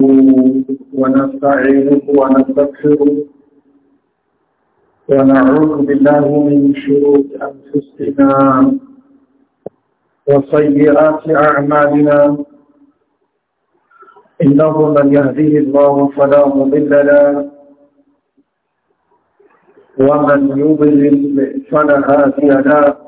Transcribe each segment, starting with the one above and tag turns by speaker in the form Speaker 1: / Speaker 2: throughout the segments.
Speaker 1: ونستعينه ونستغفره ونعوذ بالله من شرور أنفسنا وسيئات أعمالنا إنه من يهديه الله فلا مضل له ومن يضلل فلا هادي له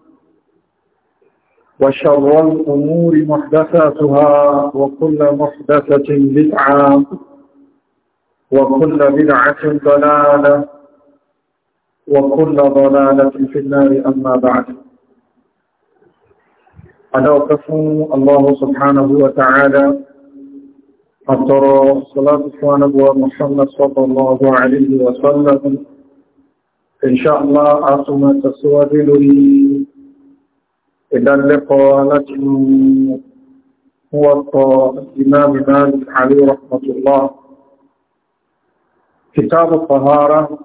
Speaker 1: وشر الأمور محدثاتها وكل محدثة بدعة وكل بدعة ضلالة وكل ضلالة في النار أما بعد ألوقف الله سبحانه وتعالى أفضل الصلاة ونبوة محمد صلى الله عليه وسلم إن شاء الله أعطنا تسوى لي إذن هو موطى الإمام مالك عليه رحمة الله كتاب الطهارة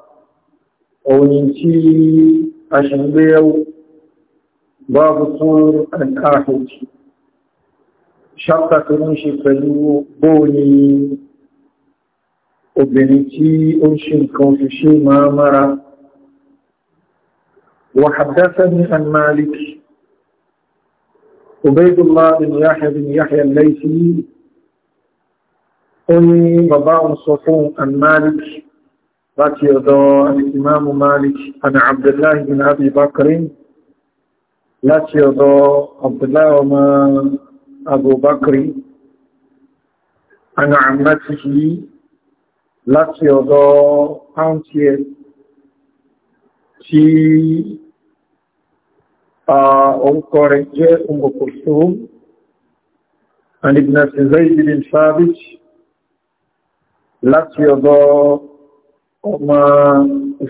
Speaker 1: وننتي أشهديو باب طور الآحد شرطة نمشي فلو بوني obìnrin tí ó ń ṣe nǹkan fi عبيد الله بن يحيى بن يحيى الليثي أني بابا صفون عن مالك راتي الإمام مالك عن عبد الله بن أبي بكر لاتي عبد الله وما أبو بكر عن عمته لاتي أنتي في orúkọ rẹ̀ jẹ́ Ummu Kulthum and Ibn Zayd bin Thabit láti ọ̀dọ̀ ọmọ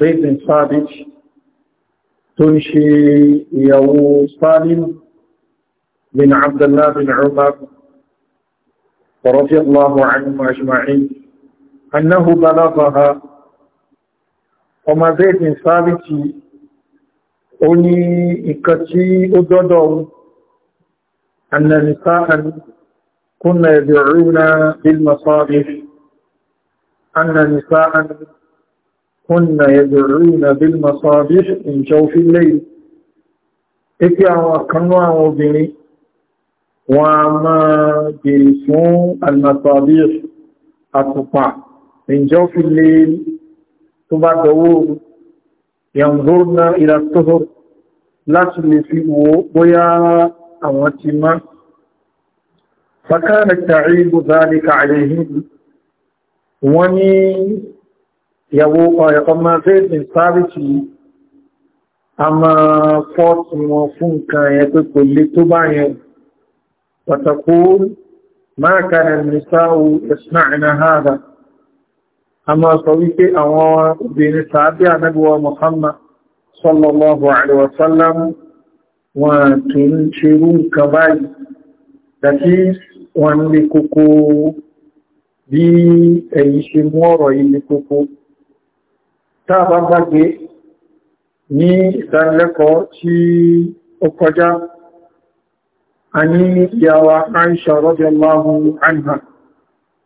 Speaker 1: Zayd bin Thabit tó ń ṣe ìyàwó Salim bin Abdullah bin Umar radiyallahu anhum ajma'in annahu balaghaha ọmọ Zayd bin Thabit ó ní ìkan tí ó dọ́dọ̀ annanisáàn kúnnà ẹ̀bẹ̀rúnà bilmasarif annanisáàn kúnnà ẹ̀bẹ̀rúnà bilmasarif ìjọ fi lẹ́yìn ikú àwọn kanú àwọn obìnrin wọn a máa bèèrè fún almasarif àtùpà ìjọ fi lẹ́yìn tó bá dọwọ́ ينظرنا إلى الطهر لا تنفئوا بيا أو أتما فكان التعيب ذلك عليهم وني يبوقى يقما زيد من ثابتي أما فوت وفنك يتقل لتباين وتقول ما كان النساء يسمعن هذا a máa sọ wípé àwọn obìnrin sàábí ànábíwá Muhammad sallallahu alaihi wasallam wọn kì ń ṣerú nǹkan báyìí dàkí wọn lè kókó bí ẹ̀yìn ṣe mú ọ̀rọ̀ ilé kókó tá bá ní ìdánilẹ́kọ̀ọ́ tí ó kọjá a ní ìyàwó Aisha radiyallahu anha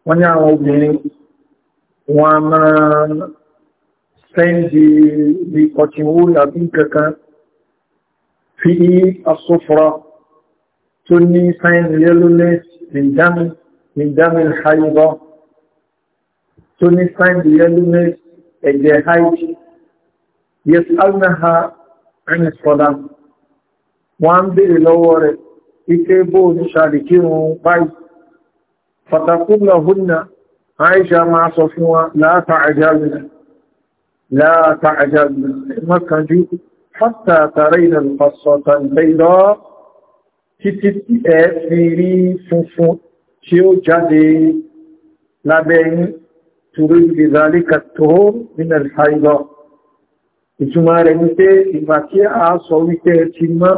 Speaker 1: wọ́n ní àwọn obìnrin wọ́n a máa sẹ́ndì bí kọtíwó àbí kankan fi asọ́fọ́ra tó ní sáyẹ̀n yellowness ìdámi haibọ́ tó ní sáyẹ̀n yellowness ẹ̀jẹ̀ haibọ́ yes alnaha ẹni sọ́dá wọ́n ń bèèrè lọ́wọ́ rẹ̀ ike bóò ní ṣàríkírun Aisha máa sọ fún wa láta àjálù láta àjálù mọ́kànjú hatta tàrẹ ìdàn pàṣọ̀tàn lẹ́lọ́ títí tí ẹ fi rí funfun tí ó jáde lábẹ́ yín tùrú ìgbèzálíkà tó nínú ìhàìlọ́. Ìtumọ̀ rẹ̀ ní pé ìgbà tí a sọ wípé ti mọ́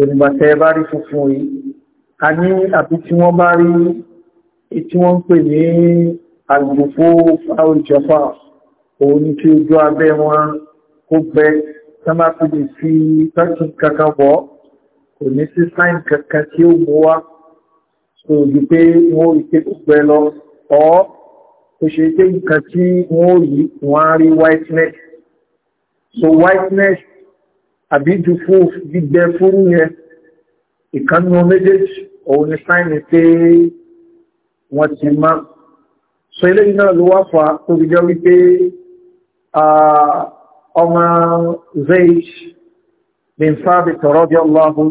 Speaker 1: òrìgbàtẹ̀ bá rí funfun yìí, a ní àbí tí wọ́n bá rí tí wọ́n ń pè ní àgbòfó fáwọ̀jọ́fà òun ni tí ojú abẹ́ wọn kó gbẹ tánbà tó lè fi tọ́jú kankan bọ́ kò ní sí sáìn kankan tí ó mú wá so bí pé wọ́n rí pé kó gbẹ lọ ọ́ kò ṣe pé nǹkan tí wọ́n rí wọ́n á rí whiteness so whiteness àbí ju fún gbígbẹ fúrú yẹn ìkànnì méjèèjì òun ni sáìn pé wọ́n ti má so ilé iná ló wá fa tó fi jẹ́ wípé ọmọ Zayd bin Thabit radiyallahu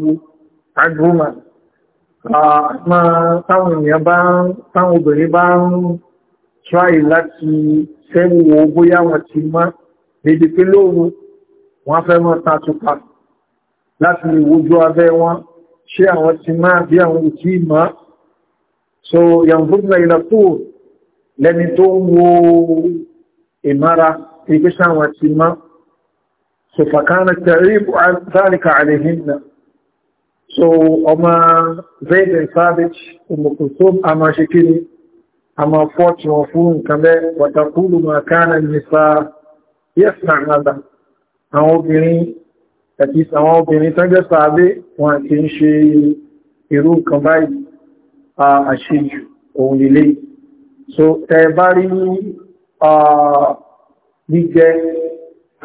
Speaker 1: anhuma àmọ́ táwọn ènìyàn bá ń táwọn obìnrin bá ń tráì láti fẹ́mù wo bóyá wọ́n ti má dédé pé lóòrùn wọ́n fẹ́ mọ́ ta tupa láti lè wojú abẹ́ wọn ṣé àwọn ti má bí àwọn òtí máa so yanzurna ila tur lẹ́ni tó ń wo ìmára ìgbé sáwọn ti má so fàkánà tẹ̀ríbù zálika àlèhìnnà so ọmọ zayd bin sabit umukusum a ma ṣe kiri a ma fọ́tí wọn fún nǹkan bẹ́ wàtàkùlù ma kánà nìsa yẹ́sàn àdá àwọn obìnrin àti àwọn obìnrin tán jẹ́ wọn kì ń ṣe irú nǹkan báyìí àṣejù òun lè so tẹ bá rí gbígbẹ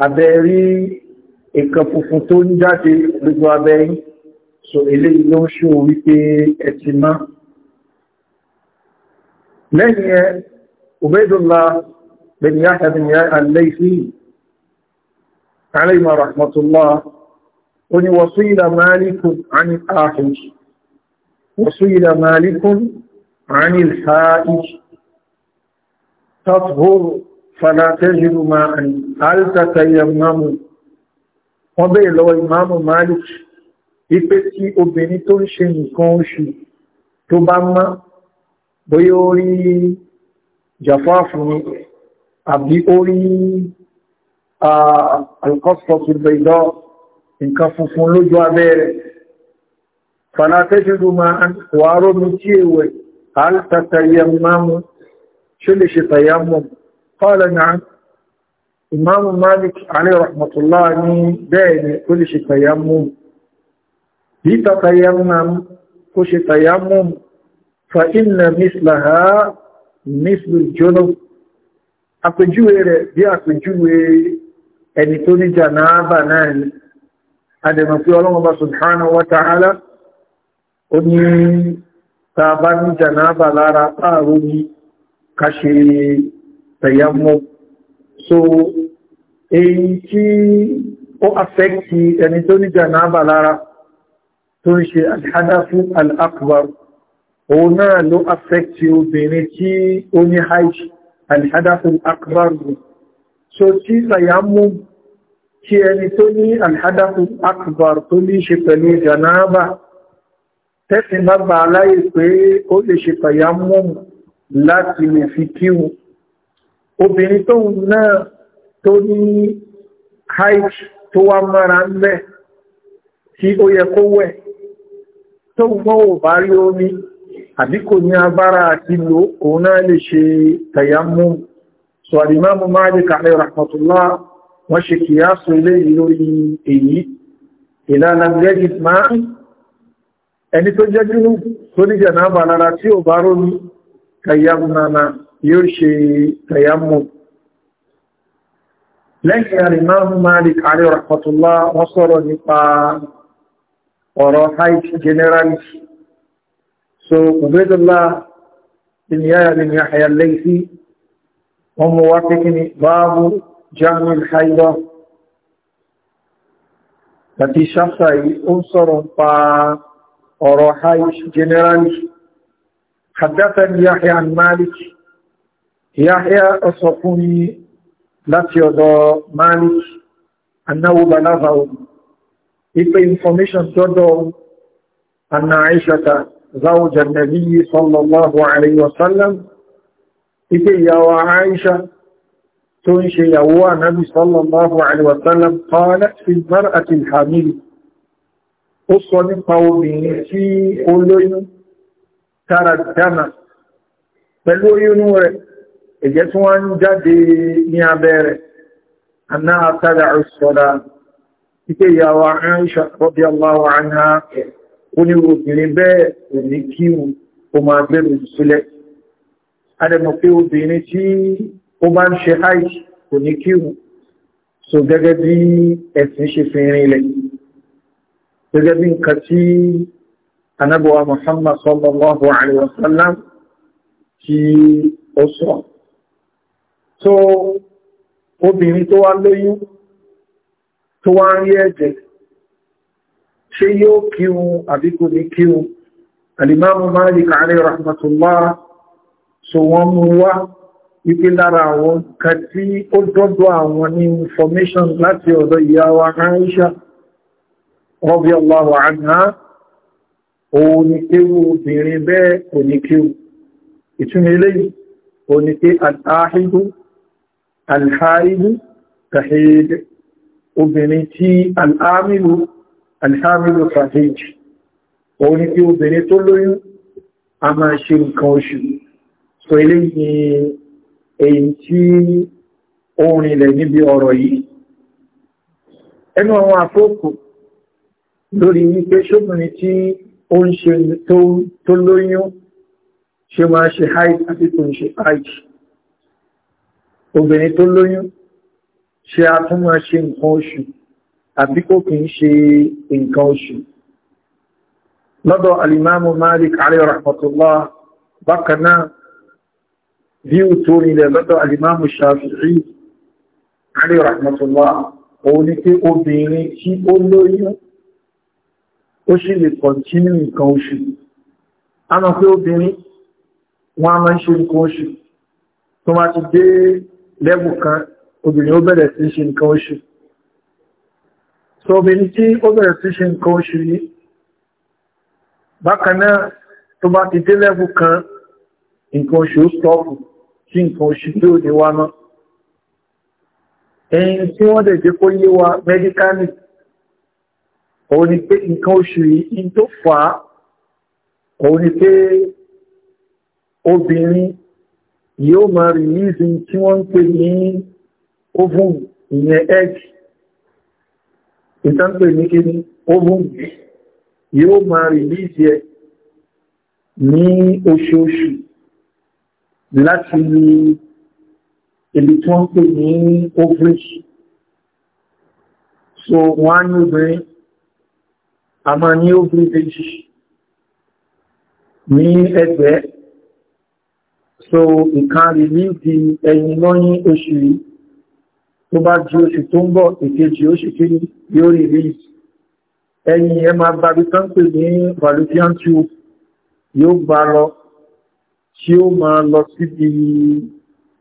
Speaker 1: abẹ rí nǹkan funfun tó ń jáde lójú abẹ yìí so eléyìí ló ń ṣó wípé ẹ ti má lẹ́yìn ẹ Ubaydullah bin Yahya bin Yahya al-Laythi alayhi rahmatullah ó ní wasila Malikun an al وسئل مالك عن الحائج تطهر فلا تجد ماء هل تتيمم وبيل الإمام مالك ipe tí obìnrin tó ń ṣe nǹkan oṣù tó bá mọ́ bóyá ó rí jàfáàfù ní àbí ó rí ah, alkọ́sọ̀tù bẹ̀dọ́ nǹkan funfun lójú abẹ́rẹ̀ fala tajidu ma'an wa rumu cewa hal tatayammamu shille shi tayammum qala na'am imam malik alayhi rahmatullah ni bayni kulli shi tayammum bi tatayammam ku shi tayammum fa inna mislaha mislu al-junub àpèjúwe rẹ̀ bí àpèjúwe ẹni tó ní jànáàbà náà ni adẹ̀mọ̀ pé ọlọ́mọba subhanahu wa ta'ala ó ní tàbá ní jànáàbà lára táàrù ní kàṣe tẹ̀yàmọ́ so èyí tí ó affecti ẹni tó ní jànáàbà lára tó ń ṣe alhadafu al'akbar òun náà ló affecti obìnrin tí ó ní hajj alhadafu al'akbar so tí tẹ̀yàmọ́ tí ẹni tó ní alhadafu al'akbar tó ní ṣe pẹ̀lú jànáàbà tẹ́sìn bá bá aláyè pé ó lè ṣe pàyà mọ́mù láti lè fi kíwù obìnrin tó náà tó ní haich tó wá mara ń bẹ́ tí ó yẹ kó wẹ̀ tó mọ́ ò bá rí omi àbí kò ní agbára àti lò òun náà lè ṣe pàyà mọ́mù sọ àdìmọ́mù máa lè kàlẹ̀ rahmatullah wọ́n ṣe kìyà sọ ilé ìlórí èyí ìlànà gẹ́gìt máa ẹni tó jẹ́ júrú tó ní jẹ̀nàbà lára tí ò bá rọ́ ní kàyàmùnana yóò ṣe kàyàmù lẹ́yìn àrìmáhùn Malik àrí rahmatullah wọ́n sọ̀rọ̀ nípa ọ̀rọ̀ haiti generali so Ubaydullah bin Yahya bin Yahya al-Laythi wọ́n àti ṣáfà yìí ó ń sọ̀rọ̀ pàá ọ̀rọ̀ hajj generally haddathan yahya an malik yahya ọsọkùnrin láti ọ̀dọ̀ malik annáwó balázàwò ipe information tọ́dọ̀ anna aishata zawjan nabiyyi sallallahu alaihi wasallam ipe ìyàwó aisha tó ń ṣe ìyàwó ànábì sallallahu alaihi wasallam qalat fi mar'atil hamili ó sọ nípa obìnrin tí ó lóyún tára dámà pẹ̀lú oyúnú rẹ̀ ẹ̀jẹ̀ tí wọ́n ń jáde ní abẹ́ rẹ̀ aná àtàrà ìṣọ́dá ipé ìyàwó Aisha radiyallahu anha oníròbìnrin bẹ́ẹ̀ kò ní kí o máa gbẹ̀rù sílẹ̀ adẹ̀mọ̀ pé obìnrin tí ó bá ń ṣe haiti kò kí o so gẹ́gẹ́ bí ẹ̀sìn ṣe fi rin gẹ́gẹ́ bí nǹkan tí anábọ̀wà Muhammad sallallahu alaihi wasallam tí ó sọ so obìnrin tó wá lóyún tó wá ń rí ẹ̀jẹ̀ ṣé yóò kírun àbí kò ní kírun alimamu Malik alaihi rahmatullah so wọ́n mú wá wípé lára àwọn kan ó dọ́dọ̀ àwọn information láti ọ̀dọ̀ ìyá Aisha radiyallahu anha òun ni kéwú obìnrin bẹ́ẹ̀ kò ní kéwú ìtúnmí eléyìí òun ni pé al-ahidu al-haidu tahid obìnrin tí al-amilu al-hamilu tahid obìnrin tó lóyún a máa ṣe nǹkan oṣù so eléyìí èyí tí orin ilẹ̀ níbi ọ̀rọ̀ yìí ẹnu àwọn àfókù lórí wípé ṣóbìnrin tí ó ń ṣe tó lóyún ṣe máa ṣe haid àti tó ń ṣe haid obìnrin tó lóyún ṣe a tún máa ṣe nǹkan oṣù àbí kò kì í ṣe nǹkan oṣù lọ́dọ̀ alimamu malik alayhi rahmatullah bákan bí ó tó nílẹ̀ lọ́dọ̀ alimamu shafi'i alayhi rahmatullah òun ni pé obìnrin tí ó lóyún ó sì lè kọ̀tínú nǹkan oṣù a mọ̀ pé obìnrin wọ́n a máa ń ṣe nǹkan oṣù tó máa ti dé lẹ́bù kan obìnrin ó bẹ̀rẹ̀ sí ṣe nǹkan oṣù so obìnrin tí ó bẹ̀rẹ̀ sí ṣe nǹkan oṣù yìí bákan náà tó bá ti dé lẹ́bù kan nǹkan oṣù stọ́ọ̀fù sí nǹkan oṣù tí ó ní wá náà ẹ̀yìn tí wọ́n dẹ̀ jẹ́ kó yé wa mẹ́díkánì òun ni pé nǹkan oṣù yìí tó fà á òun ni pé obìnrin yóò máa rìlíìsì tí wọ́n ń pè ní ovum ìyẹn egg ìtànpè ní kí ní ovum yóò máa rìlíìsì ẹ̀ ní oṣooṣù láti ibi tí wọ́n ń pè ní ovary so wọ́n á ní obìnrin a máa ní ó bí méjì ní ẹgbẹ́ so ìkan rí ní di ẹyin lọ́yìn oṣù yìí tó bá di oṣù tó ń bọ̀ ìkejì oṣù kí yóò rí rí ẹyin ẹ máa bá bí tán pè ní fallopian tube yóò bá lọ tí ó máa lọ síbi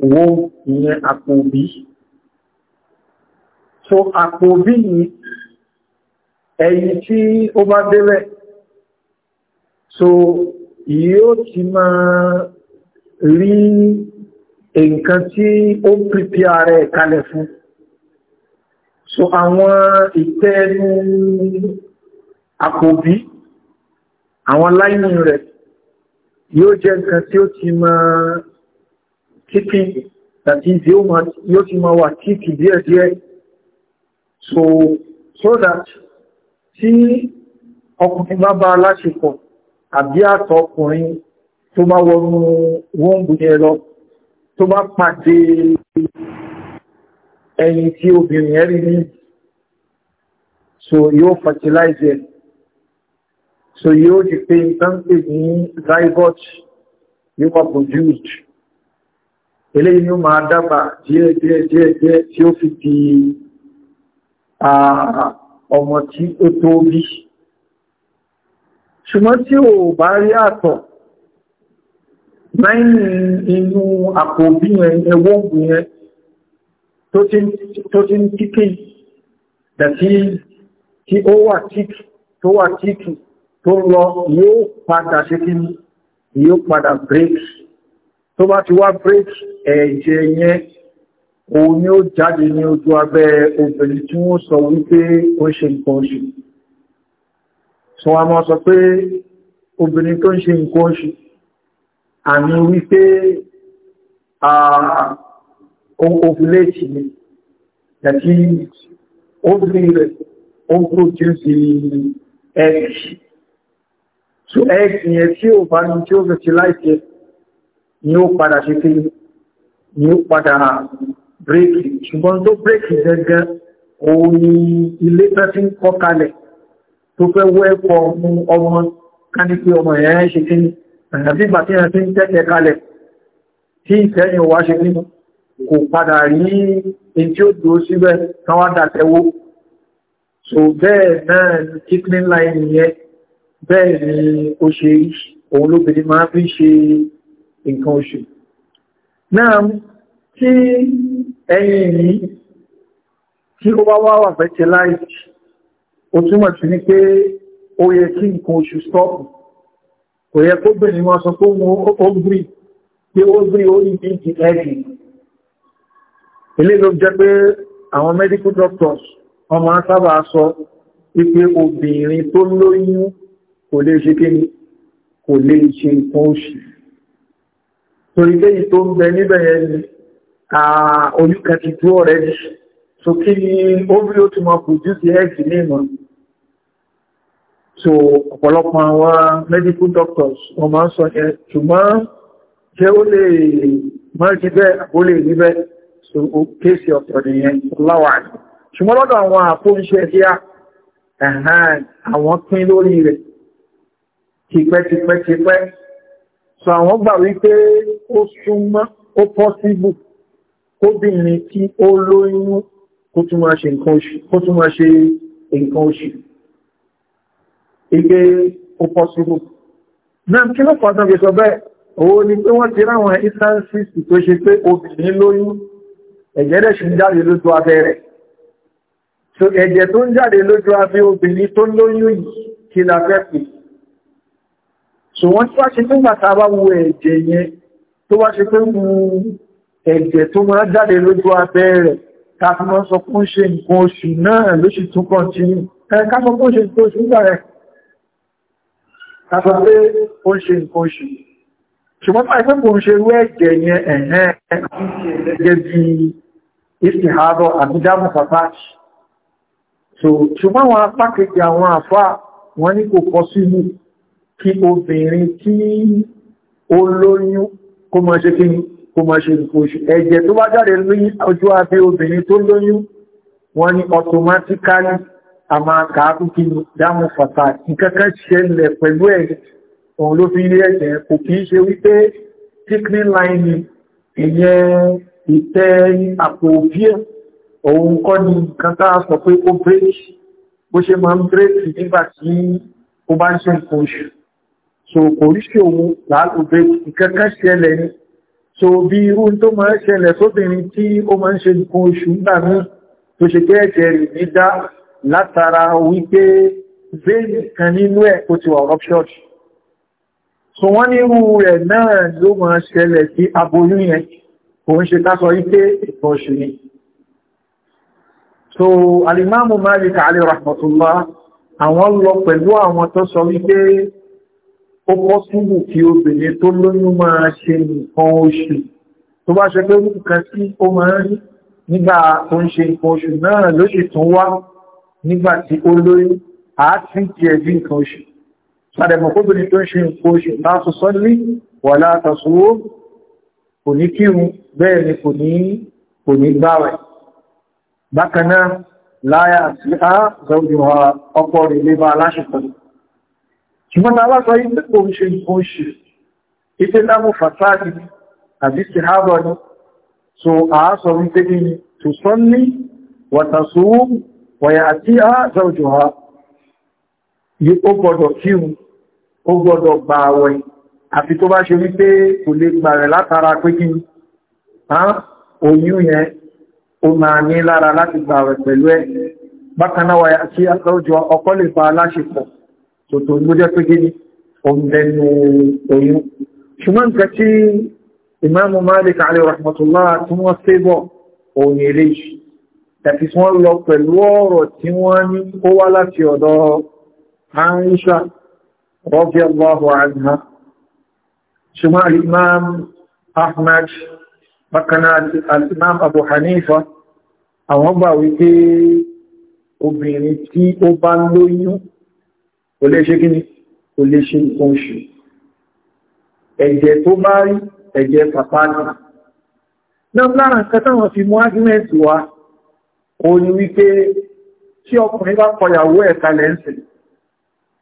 Speaker 1: owó ìyẹn àpò so àpò òbí yìí ẹ̀yìn tí ó bá délẹ̀ so yóò ti máa rí nǹkan tí ó pípí ààrẹ kalẹ̀ fún so àwọn ìtẹ́ẹnu àkòbí àwọn láìní rẹ̀ yóò jẹ́ nǹkan tí ó ti máa kíkì tàbí yóò ti máa wà kíkì díẹ̀díẹ̀ so so that tí ọkùnrin bá bá aláṣepọ̀ àbí àtọ̀ ọkùnrin tó bá wọnú wọ́nbù yẹn lọ tó bá pàdé ẹyin tí obìnrin ẹ̀rí ní so yóò fertilize ẹ̀ so yóò di pé ìtànpè ní zygote yóò wà produced eléyìí ni ó máa dábàá díẹ̀ díẹ̀ díẹ̀ díẹ̀ tí ó fi di àà ọmọ tí ó tó bí ṣùgbọ́n tí ò bá rí àtọ̀ lẹ́yìn inú àpò bí yẹn ẹwọ́ ògùn yẹn tó ti ń kíkì dàtí tí ó wà tíkì tó wà tíkì tó lọ yóò padà ṣe kí yóò padà break tó bá ti wá break ẹ̀jẹ̀ yẹn òun ni ó jáde ní ojú abẹ́ obìnrin tí wọ́n sọ wípé ó ṣe nǹkan oṣù sọ wá mọ́ sọ pé obìnrin tó ń ṣe nǹkan oṣù àmì wípé ovulate ni àti ovary rẹ̀ ó produce egg so egg yẹn tí ó bá ní tí ó fẹ́ ti láìpẹ́ ni ó padà ṣe kí ni ó padà hàn bírèkì ṣùgbọ́n tó bírèkì gẹ́gẹ́ òun ni ilé fẹ́ fi ń kọ́ kalẹ̀ tó fẹ́ wọ́ ẹ̀kọ́ fún ọmọ ká ní pé ọmọ ẹ̀yẹn ṣe kí ní àbí ìgbà tí wọ́n fi ń tẹ́tẹ̀ kalẹ̀ tí ìtẹ́yìn wá ṣe nínú kò padà rí in tí ó dúró síbẹ̀ so bẹ́ẹ̀ náà line yẹn bẹ́ẹ̀ ni ó ṣe òun lóbìnrin máa fi tí ẹ̀yìn yìí tí ó bá wá wà fẹ́tẹ̀ láìsí ó túnmọ̀ sí ní pé ó yẹ kí nǹkan oṣù stọ́pù kò yẹ kó bẹ̀rẹ̀ wọn sọ fún ogri pé ogri orí bí ti ẹ̀dì ilé ló jẹ́ pé àwọn medical doctors wọ́n sábà sọ wípé obìnrin tó lóyún kò lè ṣe kéni kò lè ṣe nǹkan oṣù torí léyìí tó ń bẹ níbẹ̀ yẹn ni oyúkẹ́ ti dúró rẹ̀ jù so kí ni orí ó ti mọ́ produce ẹ́ẹ̀kì ní ìmọ̀ so ọ̀pọ̀lọpọ̀ àwọn medical doctors wọ́n máa ń sọ ẹ̀ ṣùgbọ́n jẹ́ ó lè mọ́rìkí bẹ́ àbó lè rí bẹ́ so ó kéèsì ọ̀pọ̀ nìyẹn láwà ní ṣùgbọ́n lọ́dọ̀ àwọn àpóríṣẹ́ sí àwọn pín lórí rẹ̀ tipẹ́tipẹ́tipẹ́ so àwọn gbà wípé ó súnmọ́ ó possible kóbìnrin tí ó lóyún kó tún máa ṣe nǹkan oṣù ike ó pọ́sílù náà kí ló pàtàkì gbèsọ bẹ́ẹ̀ òun ni pé wọ́n ti ráwọn instances tó ṣe pé obìnrin lóyún ẹ̀jẹ̀rẹ̀ ṣe ń jáde lójú abẹ́rẹ̀ so ẹ̀jẹ̀ tó ń jáde lójú abẹ́ obìnrin tó lóyún kí la fẹ́ pè so wọ́n tí wá ṣe nígbàtà bá wo ẹ̀jẹ̀ yẹn tó wá ṣe pé ẹ̀jẹ̀ tó mọ́ jáde lójú abẹ́ rẹ̀ káfí mọ́ sọ fún ṣe nǹkan oṣù náà ló sì tún kàn tí káfọ́ fún ṣe nǹkan oṣù nígbà rẹ̀ káfọ́ pé ó ń ṣe nǹkan oṣù ṣùgbọ́n fà ìpẹ́ kò ń ṣe rú ẹ̀jẹ̀ yẹn ẹ̀hẹ́n gẹ́gẹ́ bí ìsìnhàbọ̀ àbúdámù pàtàkì so ṣùgbọ́n àwọn apá kejì àwọn àfá wọ́n ní kò kọ sínú kí obìnrin tí ó kó mọ́ ṣe kí ni kó máa ṣe nǹkan oṣù ẹ̀jẹ̀ tó bá jáde ní ojú abẹ́ obìnrin tó lóyún wọ́n ní automatically a máa kàákù kí ní dámù fàtà ìkẹ́kẹ́ ṣẹlẹ̀ pẹ̀lú ẹ̀yìn òun ló fi rí ẹ̀jẹ̀ kò kí ṣe wípé thickening line ìyẹn ìtẹ́ àpò òbí ẹ̀ òun kọ́ ni nǹkan tá a sọ pé ó bírèkì bó ṣe máa ń bírèkì nígbà tí ó bá ń ṣe nǹkan oṣù so kò rí ṣe òun làálù bírèkì ìkẹ́kẹ́ ṣẹlẹ̀ ni so bí irú tó máa ṣẹlẹ̀ sóbìnrin tí ó máa ń ṣe nǹkan oṣù nígbà mí tó ṣe pé ẹ̀jẹ̀ rẹ̀ ní dá látara wípé bẹ́ẹ̀lì kan nínú ẹ̀ kó ti wà ruptured so wọ́n ní irú rẹ̀ náà ló máa ṣẹlẹ̀ sí aboyún yẹn kò ń ṣe tásọ wípé nǹkan oṣù ni so alimamu Malik ali rahmatullah àwọn lọ pẹ̀lú àwọn tó sọ wípé ó pọ́ síbù kí obìnrin tó lóyún máa ṣe nǹkan oṣù tó bá ṣe pé nǹkan tí ó máa rí nígbà tó ń ṣe nǹkan oṣù náà ló sì tún wá nígbà tí ó lóyún àátí ti ẹ̀bí nǹkan oṣù sàdẹ̀mọ̀ kóbìnrin tó ń ṣe nǹkan oṣù láti sọ́lé wà látàṣúwó kò ní kírun bẹ́ẹ̀ ni kò ní gbáwẹ̀ bákanáà láyà sí á zaúdíwà ọkọ̀ rẹ̀ lébà aláṣẹ́kọ̀ọ́ ṣùgbọ́n ta aláṣọ yìí pé kò ń ṣe nǹkan ṣe ipé lámù fàtàkì àbí ti hábọ̀ ní so àásọ wípé ní tó sọ ní wàtàṣó wàyà àti àzọ́jọ́ ha yí ó gbọdọ̀ kíhun ó gbọdọ̀ gba àwẹ̀ àfi tó bá ṣe wípé kò lè gbà rẹ̀ látara pé kí oyún yẹn ó máa ní lára láti gbà rẹ̀ pẹ̀lú ẹ̀ bákanáwà àti àzọ́jọ́ ọkọ lè fa aláṣepọ̀ tòtò ló jẹ́ pé gíní ọmọdẹ́nu oyún ṣùgbọ́n nǹkan tí ìmáàmù Malik alayhi rahmatullah tí wọ́n fẹ́ bọ̀ òun eléyìí tàbí tí wọ́n lọ pẹ̀lú ọ̀rọ̀ tí wọ́n ní ó wá láti ọ̀dọ̀ Aisha radiyallahu anha ṣùgbọ́n imam Ahmad bákan al-imam Abu Hanifa àwọn gbà wípé obìnrin tí ó bá lóyún kò lè ṣe kíní kò lè ṣe nǹkan oṣù ẹ̀jẹ̀ tó bá rí ẹ̀jẹ̀ pàpáàdì náà lára nǹkan táwọn fi mú ágúmẹ́ǹtì wá o ní wípé tí ọkùnrin bá kọyàwó ẹ̀ka lẹ́ǹsì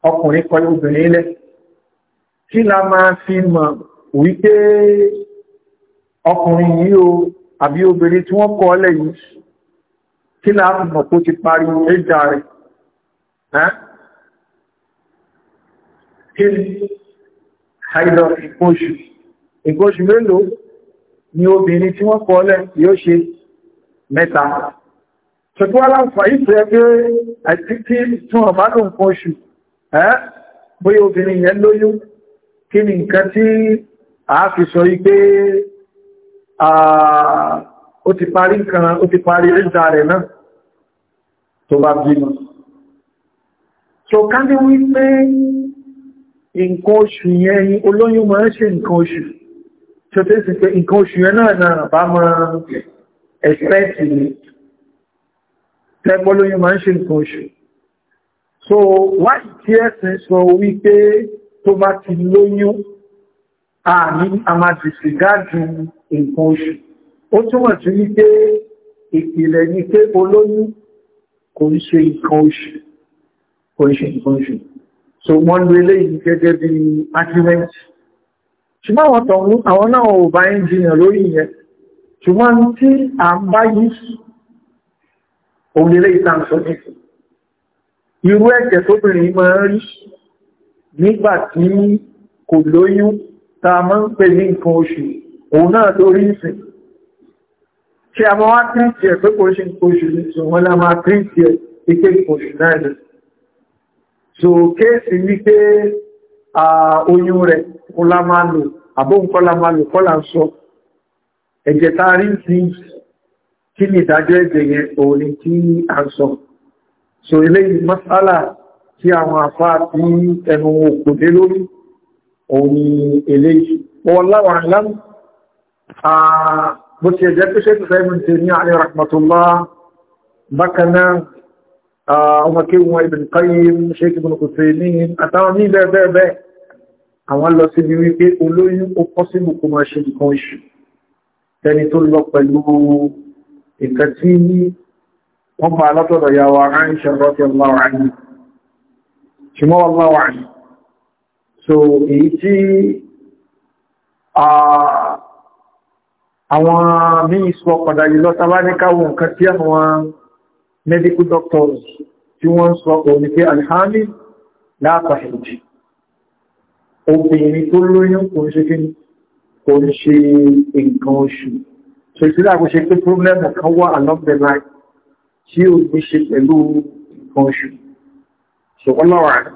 Speaker 1: ọkùnrin kọyà obìnrin lẹ́ kí la máa fi mọ̀ wípé ọkùnrin yìí o àbí obìnrin tí wọ́n kọ́ lẹ́yìn kí la mọ̀ tó ti parí ẹjà rẹ̀ kíni àìdọ̀ ìkóṣù ìkóṣù mélòó ni obìnrin tí wọ́n kọ́ọ́lẹ̀ yóò ṣe mẹ́ta ṣùgbọ́n aláǹfà ìfẹ́ pé àtìkí tún ọ̀bá ló ń kóṣù ẹ́ bóyá obìnrin yẹn lóyún kí ni nǹkan tí a fi sọ wípé ó ti parí nǹkan ó ti parí ẹ̀dà rẹ̀ náà tó bá bínú so ká ni wípé nǹkan oṣù yẹn ni olóyún máa ń ṣe nǹkan oṣù tí ó tẹ́ sí pé nǹkan oṣù yẹn náà náà bá máa ẹ̀sẹ̀ẹ̀sì ni tẹ́gbọ́ lóyún máa ń ṣe nǹkan oṣù so wáyé tí ẹ̀sìn sọ wípé tó bá ti lóyún àmì àmàdìsì gáàdì nǹkan oṣù ó túnmọ̀ sí wípé ìpìlẹ̀ ni pé olóyún kò ń ṣe nǹkan oṣù kò ń ṣe nǹkan oṣù so wọ́n lo eléyìí gẹ́gẹ́ bí argument ṣùgbọ́n àwọn tọ̀hún àwọn náà ò bá ń jiyàn lórí ìyẹn ṣùgbọ́n tí a ń bá yìí òun eléyìí tá ń sọ nìkan irú ẹ̀jẹ̀ tóbìnrin máa ń rí nígbà tí kò lóyún tá a ń pè ní nǹkan oṣù òun náà lórí ìsìn tí a wá tíríṣì ẹ̀ pé kò ṣe nǹkan oṣù nìkan wọn la máa tíríṣì ẹ̀ pé kò ṣù náà nìkan so kéèsì wípé oyún rẹ̀ kọ́lá máa lò àbóǹkọ́lá máa lò kọ́lá ń sọ ẹ̀jẹ̀ tá a rí sí kí ni ìdájọ́ ẹ̀jẹ̀ yẹn òní tí a ń sọ so eléyìí masala tí àwọn àfáà tí ẹnu òkò dé lórí òní eléyìí wallahu a'lam bó ti ẹ̀jẹ̀ pẹ́ṣẹ́ tó fẹ́ mú ti ní àyè rahmatullah bákan náà ọmọ kí wọn Ibn Qayyim Sheikh Ibn Uthaymeen àtàwọn ní bẹ́ẹ̀bẹ́ẹ̀ àwọn lọ sí ní wípé olóyún ó kọ́ sínú kó máa ṣe nǹkan oṣù tẹni tó lọ pẹ̀lú nǹkan tí wọ́n máa látọ̀dọ̀ ya wa Aisha radiyallahu anha ṣùgbọ́n wọ́n máa ní medical doctors tí wọ́n sọ òní pé alhami látàhìjì obìnrin tó lóyún kò ń ṣe kí kò ń ṣe nǹkan oṣù so ìsílẹ̀ àkóṣe pé problem kan wà along the line tí ò ní ṣe pẹ̀lú nǹkan oṣù so wọ́n lọ́wọ́ rẹ̀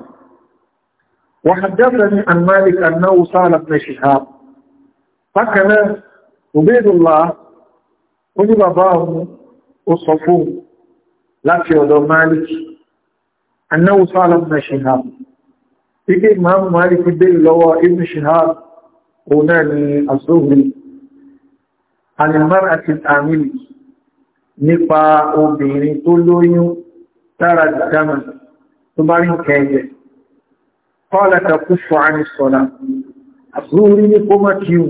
Speaker 1: وحدثني عن مالك أنه سأل ابن شهاب فكان عبيد الله وني باباه وصفوه láti ọ̀dọ̀ máàlìkì annáwó sálàm na shihab ike imamu máàlìkì bèèrè lọ́wọ́ ibn shihab òun náà ni azóhùn alimar àti amili nípa obìnrin tó lóyún tára dama tó bá rí kẹjẹ kọ́lá ta kúfù àní sọ́lá azóhùn ní kó má kíwù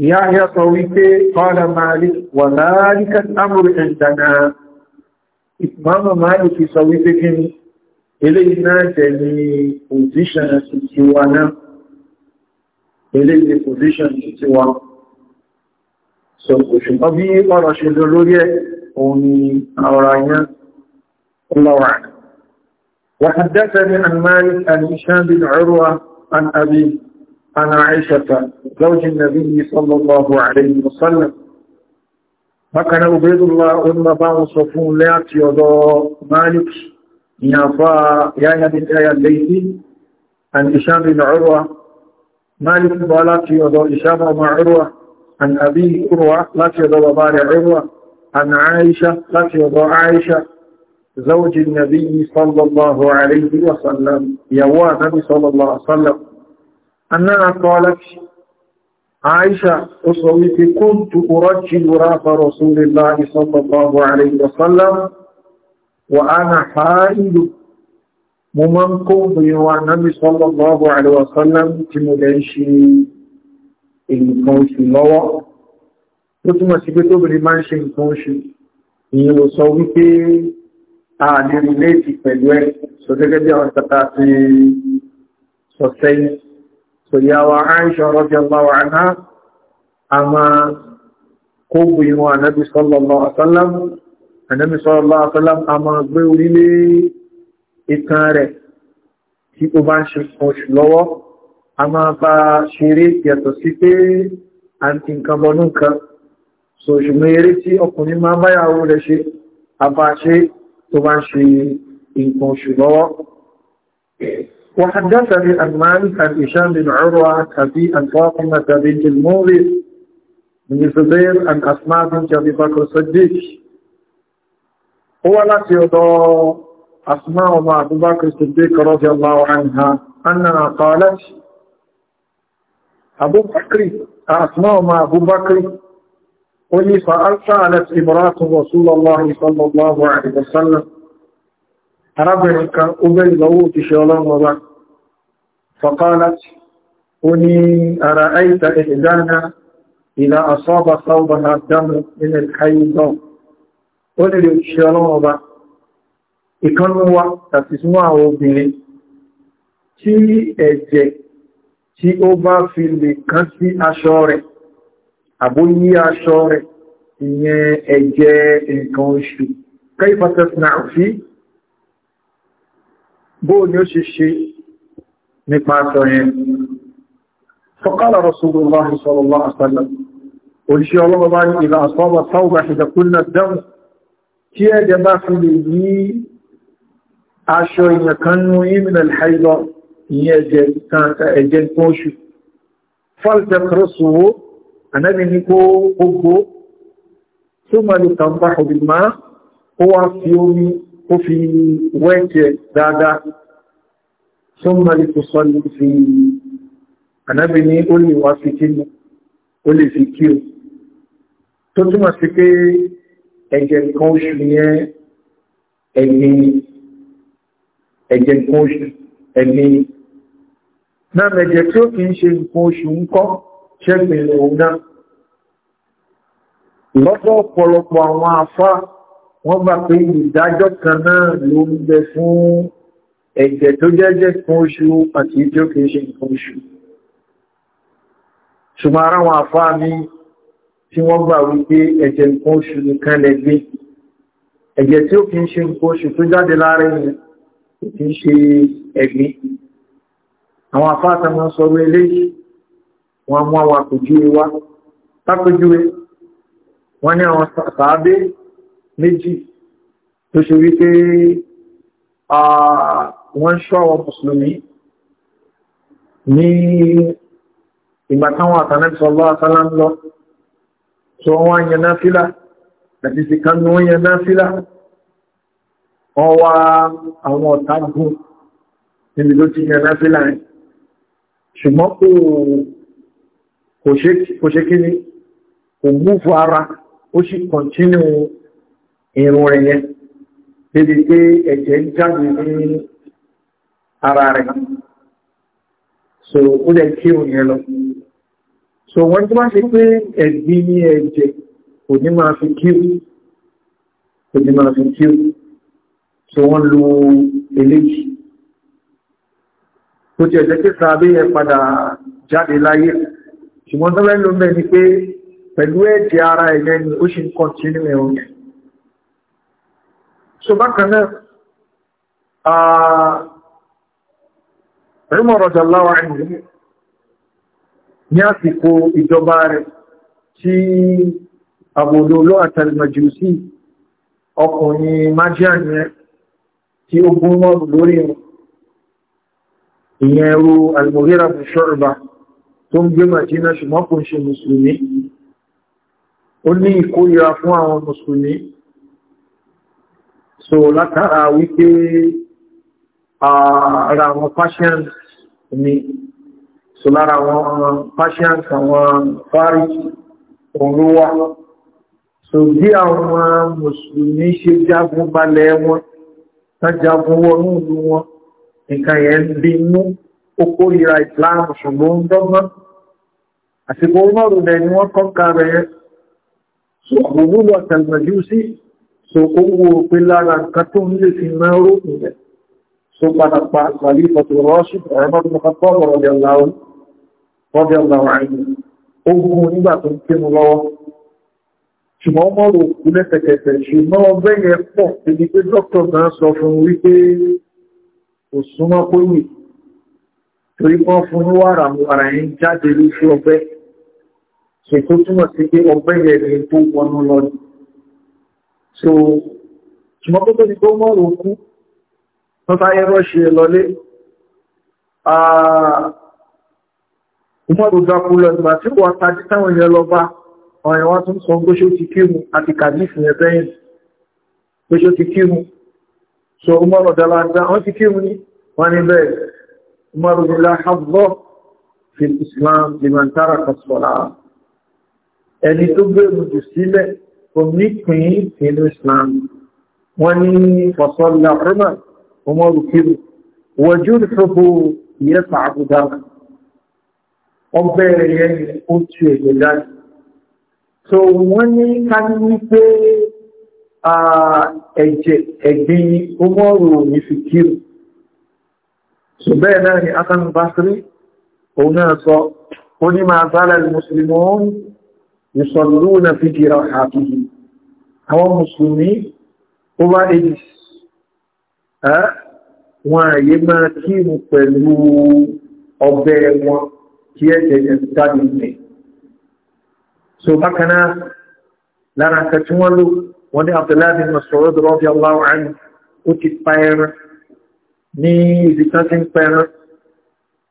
Speaker 1: يا يا صويته قال مالك ومالك الامر عندنا امام مالك صويته كان الينا جميع position سيوانا الينا position سيوانا سوكوشن ابي قراش دولوري اوني اورايا الله اعلم وحدثني عن مالك عن هشام بن عروه عن ابي عن عائشة زوج النبي صلى الله عليه وسلم فكان عبيد الله أن بعض صفون لا يتيض مالك يا فا يا نبي الآية البيت عن إشام بن عروة مالك لا يتيض إشام مع عروة عن أبي عروة لا يتيض بار عروة عن عائشة لا يتيض عائشة زوج النبي صلى الله عليه وسلم يا نبي صلى الله عليه وسلم أنها قالت عائشة أصلت كنت أرجل راف رسول الله صلى الله عليه وسلم وأنا حائل ممن قوض النبي صلى الله عليه وسلم تمدعشي nǹkan oṣù lọ́wọ́ ó túnmọ̀ sí pé tóbìnrin máa ń ṣe nǹkan oṣù ìyìn ò sọ wípé pẹ̀lú ẹ̀ sọ bí àwọn tàbí sọ sọ̀yàwó Aisha radiyallahu anha a máa kó bu inú ànábì sallallahu alaihi wasallam ànábì sallallahu alaihi wasallam a máa gbé orílẹ̀ ìtàn rẹ̀ tí ó bá ń ṣe oṣù nǹkan bọnú nǹkan so ṣùgbọ́n eré tí ọkùnrin máa báyàwó rẹ̀ ṣe a tó bá ń ṣe nǹkan oṣù وحدثني عن مالك عن هشام بن عروة أبي عن فاطمة بنت المولد بن الزبير عن أسماء بنت أبي بكر الصديق هو لا سيضاء أسماء مع أبو بكر الصديق رضي الله عنها أنها قالت أبو بكر أسماء مع أبو بكر قل فأرسلت امرأة رسول الله صلى الله عليه وسلم arábìnrin kan ó bẹ́ ìlọ́wọ́ òtíṣẹ́ ọlọ́run ọba faqalat ó ní ara aita ìdáná ìlà asaba sáwọ́bà àdámù nílẹ̀ káyíbọ̀ ó nílé òtíṣẹ́ ọlọ́run ọba ìkanú wa tàbí sínú àwọn obìnrin tí ẹ̀jẹ̀ tí ó bá bóò ni ó ṣe ṣe nípa aṣọ yẹn fọ́kàlà rasulullah sallallahu alaihi wasallam oríṣẹ́ ọlọ́wọ́ bá ní ìlà àṣọ́bà sáwọ́bà ìdàkúnnà dáun tí ẹ̀dẹ̀ bá fi lè yí aṣọ ìyàn kan nú ìmìnà ìhàìlọ ìyẹn ẹ̀jẹ̀ tó ṣù fọ́lẹ̀kọ́sùwó kó fi wẹ́ẹ̀kẹ́ dáadáa sọ́mọ́ lè tó sọ́lé fi ànábì ní ó lè wá fi kínú ó lè fi kí o tó túnmọ̀ sí pé ẹ̀jẹ̀ nǹkan oṣù yẹn ẹ̀yìn nǹkan oṣù ẹ̀yìn nǹkan oṣù ń wọ́n bá pé ìdájọ́ kan náà ló ń bẹ fún ẹ̀jẹ̀ tó jẹ́jẹ́ fún oṣù àti tí ó kìí ṣe nǹkan oṣù ṣùgbọ́n ara wọn àfáà ní tí wọ́n gbà wípé ẹ̀jẹ̀ nǹkan oṣù nìkan lẹ́gbẹ́ ẹ̀jẹ̀ tí ó kìí ṣe nǹkan oṣù tó jáde láàrin kìí ṣe ẹ̀gbẹ́ àwọn àfáà tó máa sọ wé léyìí wọ́n mú àwọn méjì tó ṣe wípé wọ́n ṣọ́ àwọn mùsùlùmí ní ìgbà táwọn àtànẹ́sọ̀lọ́ àtàlá ń lọ tó wọ́n yẹn náà fílà àti ìsìnkánú wọ́n yẹn náà fílà wọ́n wá àwọn ọ̀tá gùn níbi ló ti yẹn náà fílà rẹ̀ ṣùgbọ́n kò ṣe kí ni kò mú fún ara ó sì continue irun rẹ̀ yẹn débi pé ẹ̀jẹ̀ ń jáde ní ara rẹ̀ so ó lẹ́ kí òun yẹn lọ so wọ́n tó bá ṣe pé ẹ̀gbin ní ẹ̀jẹ̀ kò ní máa fi kí o ní máa fi kí o so wọ́n lo eléyìí tó ti ẹ̀jẹ̀ pé sàábé yẹn padà jáde láyé ṣùgbọ́n tó lẹ́lọ́mẹ́ ni pé pẹ̀lú ẹ̀jẹ̀ ara ẹ̀yẹn ni ó ṣe ń kọ́ntínú ẹ̀rùn yẹn so bákan náà rímọ̀ rọ̀jà láwá ẹ̀mì ní àsìkò ìjọba rẹ̀ tí àbòlòlò àtàlìmàjúsí ọkùnrin májíàníẹ́ tí ó gún mọ́rù lórí ìyẹn ẹ̀rọ alìmòríra fún ṣọ́rọ̀bá tó ń gbé màjínà ṣùgbọ́n kò ń ṣe mùsùlùmí ó ní ìkórìíra fún àwọn mùsùlùmí so látara wípé ara àwọn patients ni so lára àwọn patients àwọn fari òun so bí àwọn mùsùlùmí ṣe jagun balẹ̀ wọn tájagun wọnú ìlú wọn nǹkan yẹn ń bí mú ó kórìíra islam ṣùgbọ́n ń dọ́gbọ́n àsìkò mọ́rùn-ún ni wọ́n kọ́ka rẹ̀ so àbúrúlọ̀ tẹ̀lẹ̀jú sí so ó wo pé lára nǹkan tó ń lè fi máa rò ìyẹn so padà pa khalifa tó rọ́ṣù ọ̀rọ̀mọ́dún mọ́kànlá ọ̀rọ̀dẹ̀ ọ̀làwọ̀ ogun nígbà tó ń kínú lọ́wọ́ ṣùgbọ́n wọ́n rò kú lẹ́sẹ̀kẹsẹ̀ ṣùgbọ́n ọgbẹ́ yẹn pọ̀ ibi pé dókítà náà sọ fún wípé kò súnmọ́ kó yìí torí wọ́n fún ní wàrà wàrà yẹn jáde lójú ọgbẹ́ ṣètò túmọ̀ sí pé ọgbẹ́ yẹn ni tó wọnú lọ́dún so ṣùgbọ́n tó tó ti tó mọ́rọ̀ okú tó táyé rọ́ṣe lọlé Umaru dákú lọ ìgbà tí wọ́n tají táwọn èèyàn lọ bá ọ̀rìn wọ́n tún sọ gbóṣó ti kírù àti kàdífì ẹ̀bẹ́yìn gbóṣó ti kírù so Umaru dáláńdá wọ́n ti kírù ní wọ́n ní bẹ́ẹ̀ Umaru nílá hafzọ́ fi Islam liman taraka as-salah ẹni tó gbé mùjù sílẹ̀ kò nípìn nínú Islam wọ́n ní fọ̀sọ́lá ọ̀rọ̀mà ọmọrù kírù wọ́jú ìfọ́bù ìyẹ́fà àbúdá wọ́n bẹ̀rẹ̀ yẹn ó tu èdè dájú so wọ́n ní ká ní wípé ẹ̀jẹ̀ ẹ̀gbìn ọmọrù ní fi kírù so bẹ́ẹ̀ náà ni asan basiri òun náà sọ ó ní máa bá يصلون في جراحاتهم هو مسلمين هو إيس ها ويما كيم فلو أبيرو كيف يستعلم سوف كنا لنا تتولو وني عبد الله بن مسعود رضي الله عنه كتب بير ني زكاة بير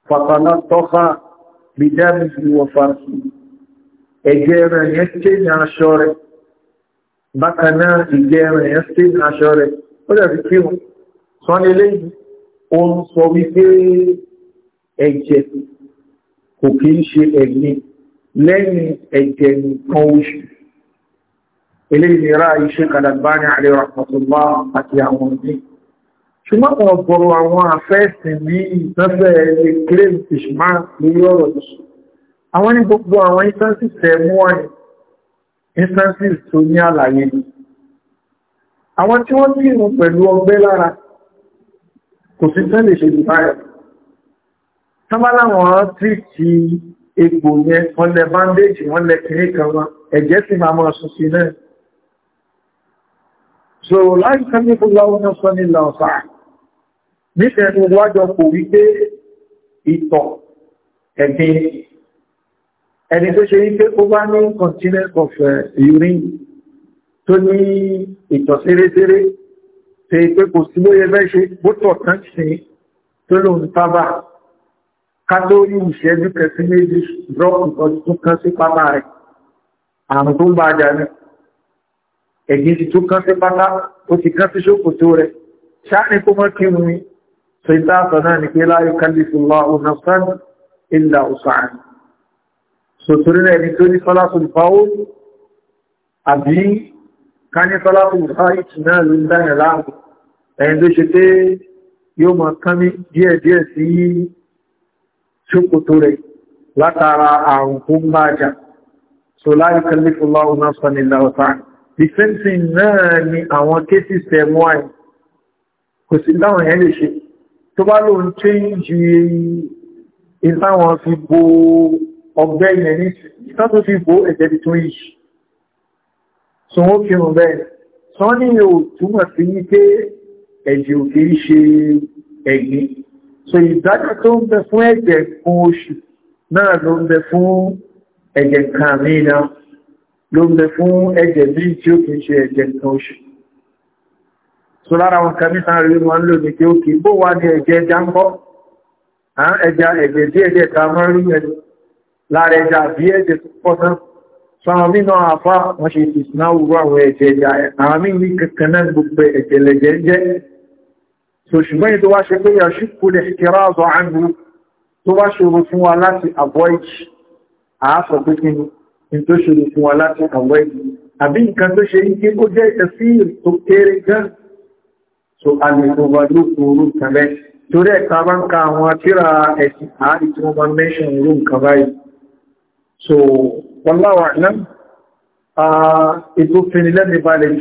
Speaker 1: فقال طخا بدمه وفرسه ẹ̀jẹ̀ rẹ̀ yẹn ṣe ní aṣọ rẹ̀ bákan náà ìjẹ́ rẹ̀ yẹn ṣe ní aṣọ rẹ̀ ó dẹ̀ fi kírun sọ́ni léyìn ó ń sọ wípé ẹ̀jẹ̀ kò kí ń ṣe ẹ̀gbin lẹ́yìn ẹ̀jẹ̀ nìkan oṣù eléyìí ni ráàyè ṣe kàdàgbá àlè ràpọ̀tọ̀lá àti àwọn ọ̀dẹ́ ṣùgbọ́n ọ̀gọ̀rọ̀ àwọn afẹ́sìn ní ìtọ́fẹ́ ilé kílẹ̀ ìṣùmá lórí ọ̀rọ̀ yìí àwọn ní gbogbo àwọn instances tẹ mú wọ́n ní instances tó ní àlàyé ní àwọn tí wọ́n tí ìrùn pẹ̀lú ọgbẹ́ lára kò sí tẹ́ lè ṣe dùbáyẹ̀ tábálà wọ́n tí ti egbò yẹn wọ́n lẹ bandage wọ́n lẹ kìí kan wọn ẹ̀jẹ̀ sì máa mọ́ sùn sí náà so láì sẹ́mi fún láwọn náà sọ nílà ọ̀sà nífẹ̀ẹ́ wájọ ẹni tó ṣe wípé ó bá ní continent of eh, urine tó ní ìtọ̀ séréséré ṣe pé kò sí lóye bẹ́ ṣe bótọ̀ kan sí tó ló ń tábà ká tó rí ìṣẹ́jú kẹsí méjì drọ́pù ọdún tó kán sí pátá rẹ̀ àrùn tó ń bá ajá ní ẹ̀gbìn ti tó kán sí pátá ó ti kán sí ṣòkòtò rẹ̀ ṣáà ní kó mọ́ kí mu sọ ìta náà ní pé láyé kálífù lọ́wọ́ ọ̀nà sáà ìlà ọ̀sán sòtòrí rẹ̀ ní tó ní sọ́látùn fáwó àbí ká ní sọ́látùn fáìtì náà ló ń dáyẹ̀ láàmù ẹ̀yìn tó ṣe pé yóò máa kánmí díẹ̀díẹ̀ sí ṣókòtò rẹ̀ látara àrùn tó ń bá jà so láyé kalifullah nafsan illa wus'aha dìfẹ́ǹsì náà ni àwọn kéèsì sẹ̀mọ́ àì kò sí dáwọn ẹ̀ lè ṣe tó bá lóun change ìtàwọn fi gbòó ọgbẹ́ ilẹ̀ ní ìtọ́tù fi bó ẹ̀jẹ̀ bí tún yìí so wọ́n fi hàn bẹ́ẹ̀ sọ ní yóò sí ní pé ẹ̀jẹ̀ ò kìí ṣe ẹ̀gbin so ìdájọ́ tó ń bẹ fún ẹ̀jẹ̀ fún oṣù náà ló ń bẹ fún ẹ̀jẹ̀ kan mìíràn ló ń bẹ fún ẹ̀jẹ̀ míì tí ó kìí ṣe ẹ̀jẹ̀ kan oṣù so lára wọn kan ní sáré wọn lò ní pé ó kìí bó wá ní ẹ̀jẹ̀ ẹja ń bọ́ ẹja ẹ̀jẹ̀ díẹ̀díẹ̀ ta mọ́rí ẹ̀jẹ̀ lára ẹja bí ẹ̀jẹ̀ tó pọ́tán sáwọn mínú àfá wọ́n ṣe ìsìná wúrú àwọn ẹ̀jẹ̀ ẹja àwọn ní kankan náà gbogbo ẹ̀jẹ̀ jẹ́ so ṣùgbọ́n ètò wá ṣe pé yọ̀ṣí kò lè kíra wa láti avoid ni tó ṣòro fún wa láti avoid àbí nǹkan tó ṣe ike ó jẹ́ a lè fún wa ló fún orú nǹkan bẹ́ẹ̀ torí ẹ̀ka bá ń ka àwọn atíra ẹ̀sìn àárí tí wọ́n bá mẹ́ṣàn orú nǹkan báyìí so wallahu a'lam ah, ètò fini lẹ́ni balẹ̀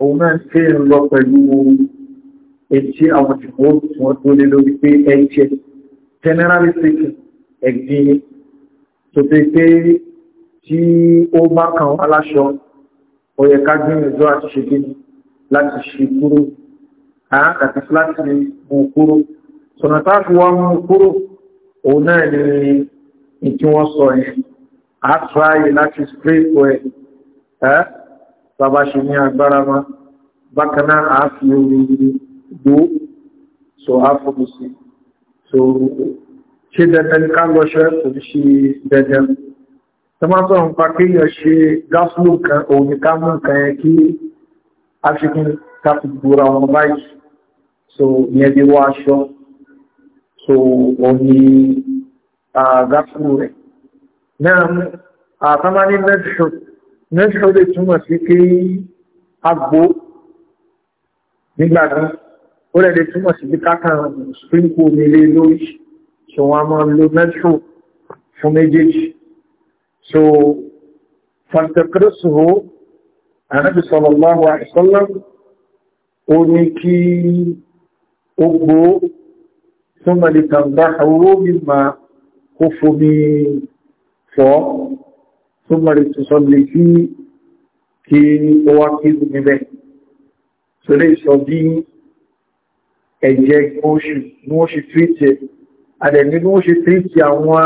Speaker 1: òun náà tí ń lọ pẹ̀lú ẹ̀tí àwọn ìfò tí wọ́n tó lé lórí pé ẹ̀tí generally speaking ẹ̀gbìn tó tẹ́ pé tí ó bá kan aláṣọ ó ká gbìyànjú àti ṣe gíní láti ṣe kúrò àti láti mú kúrò sọ̀nà táàfi wá mú kúrò òun náà ni ìtí wọ́n sọ yẹn a tráyè láti spréèkù ẹ̀ ẹ́ bàbá ṣe ní agbára ma bákaná a fi orí gbó so a fòrò sí so ṣe dandan ká lọ ṣe kò ṣe dandan tọ́mọ́tọ́ ń pa kéèyàn ṣe gáfúlò kan òun ni ká mú nǹkan yẹn kí a fi kún ká fi gbòòrò báyìí so ìyẹn bí wọ́n aṣọ so òun ni ah, rẹ̀ náà àtàmà ní mẹ́ṣù mẹ́ṣù lè túmọ̀ sí pé agbó nígbà náà ó rẹ̀ lè túmọ̀ sí pé kákan sprinkle omi lé lórí so wọ́n a máa lo mẹ́ṣù fún méjèèjì so fàtẹ̀kẹ́rẹ́sùwò ànábì sallallahu alaihi wasallam ó ní kí ó gbó ثم لتنضحوا مما خفوا من fọ́ tó mọ̀rẹ̀ tó sọ lè sí kí ó wá kí ó níbẹ̀ tó lè sọ bí ẹ̀jẹ̀ ní ó ṣe tríṣẹ̀ adẹ̀ ní ó ṣe tríṣẹ̀ àwọn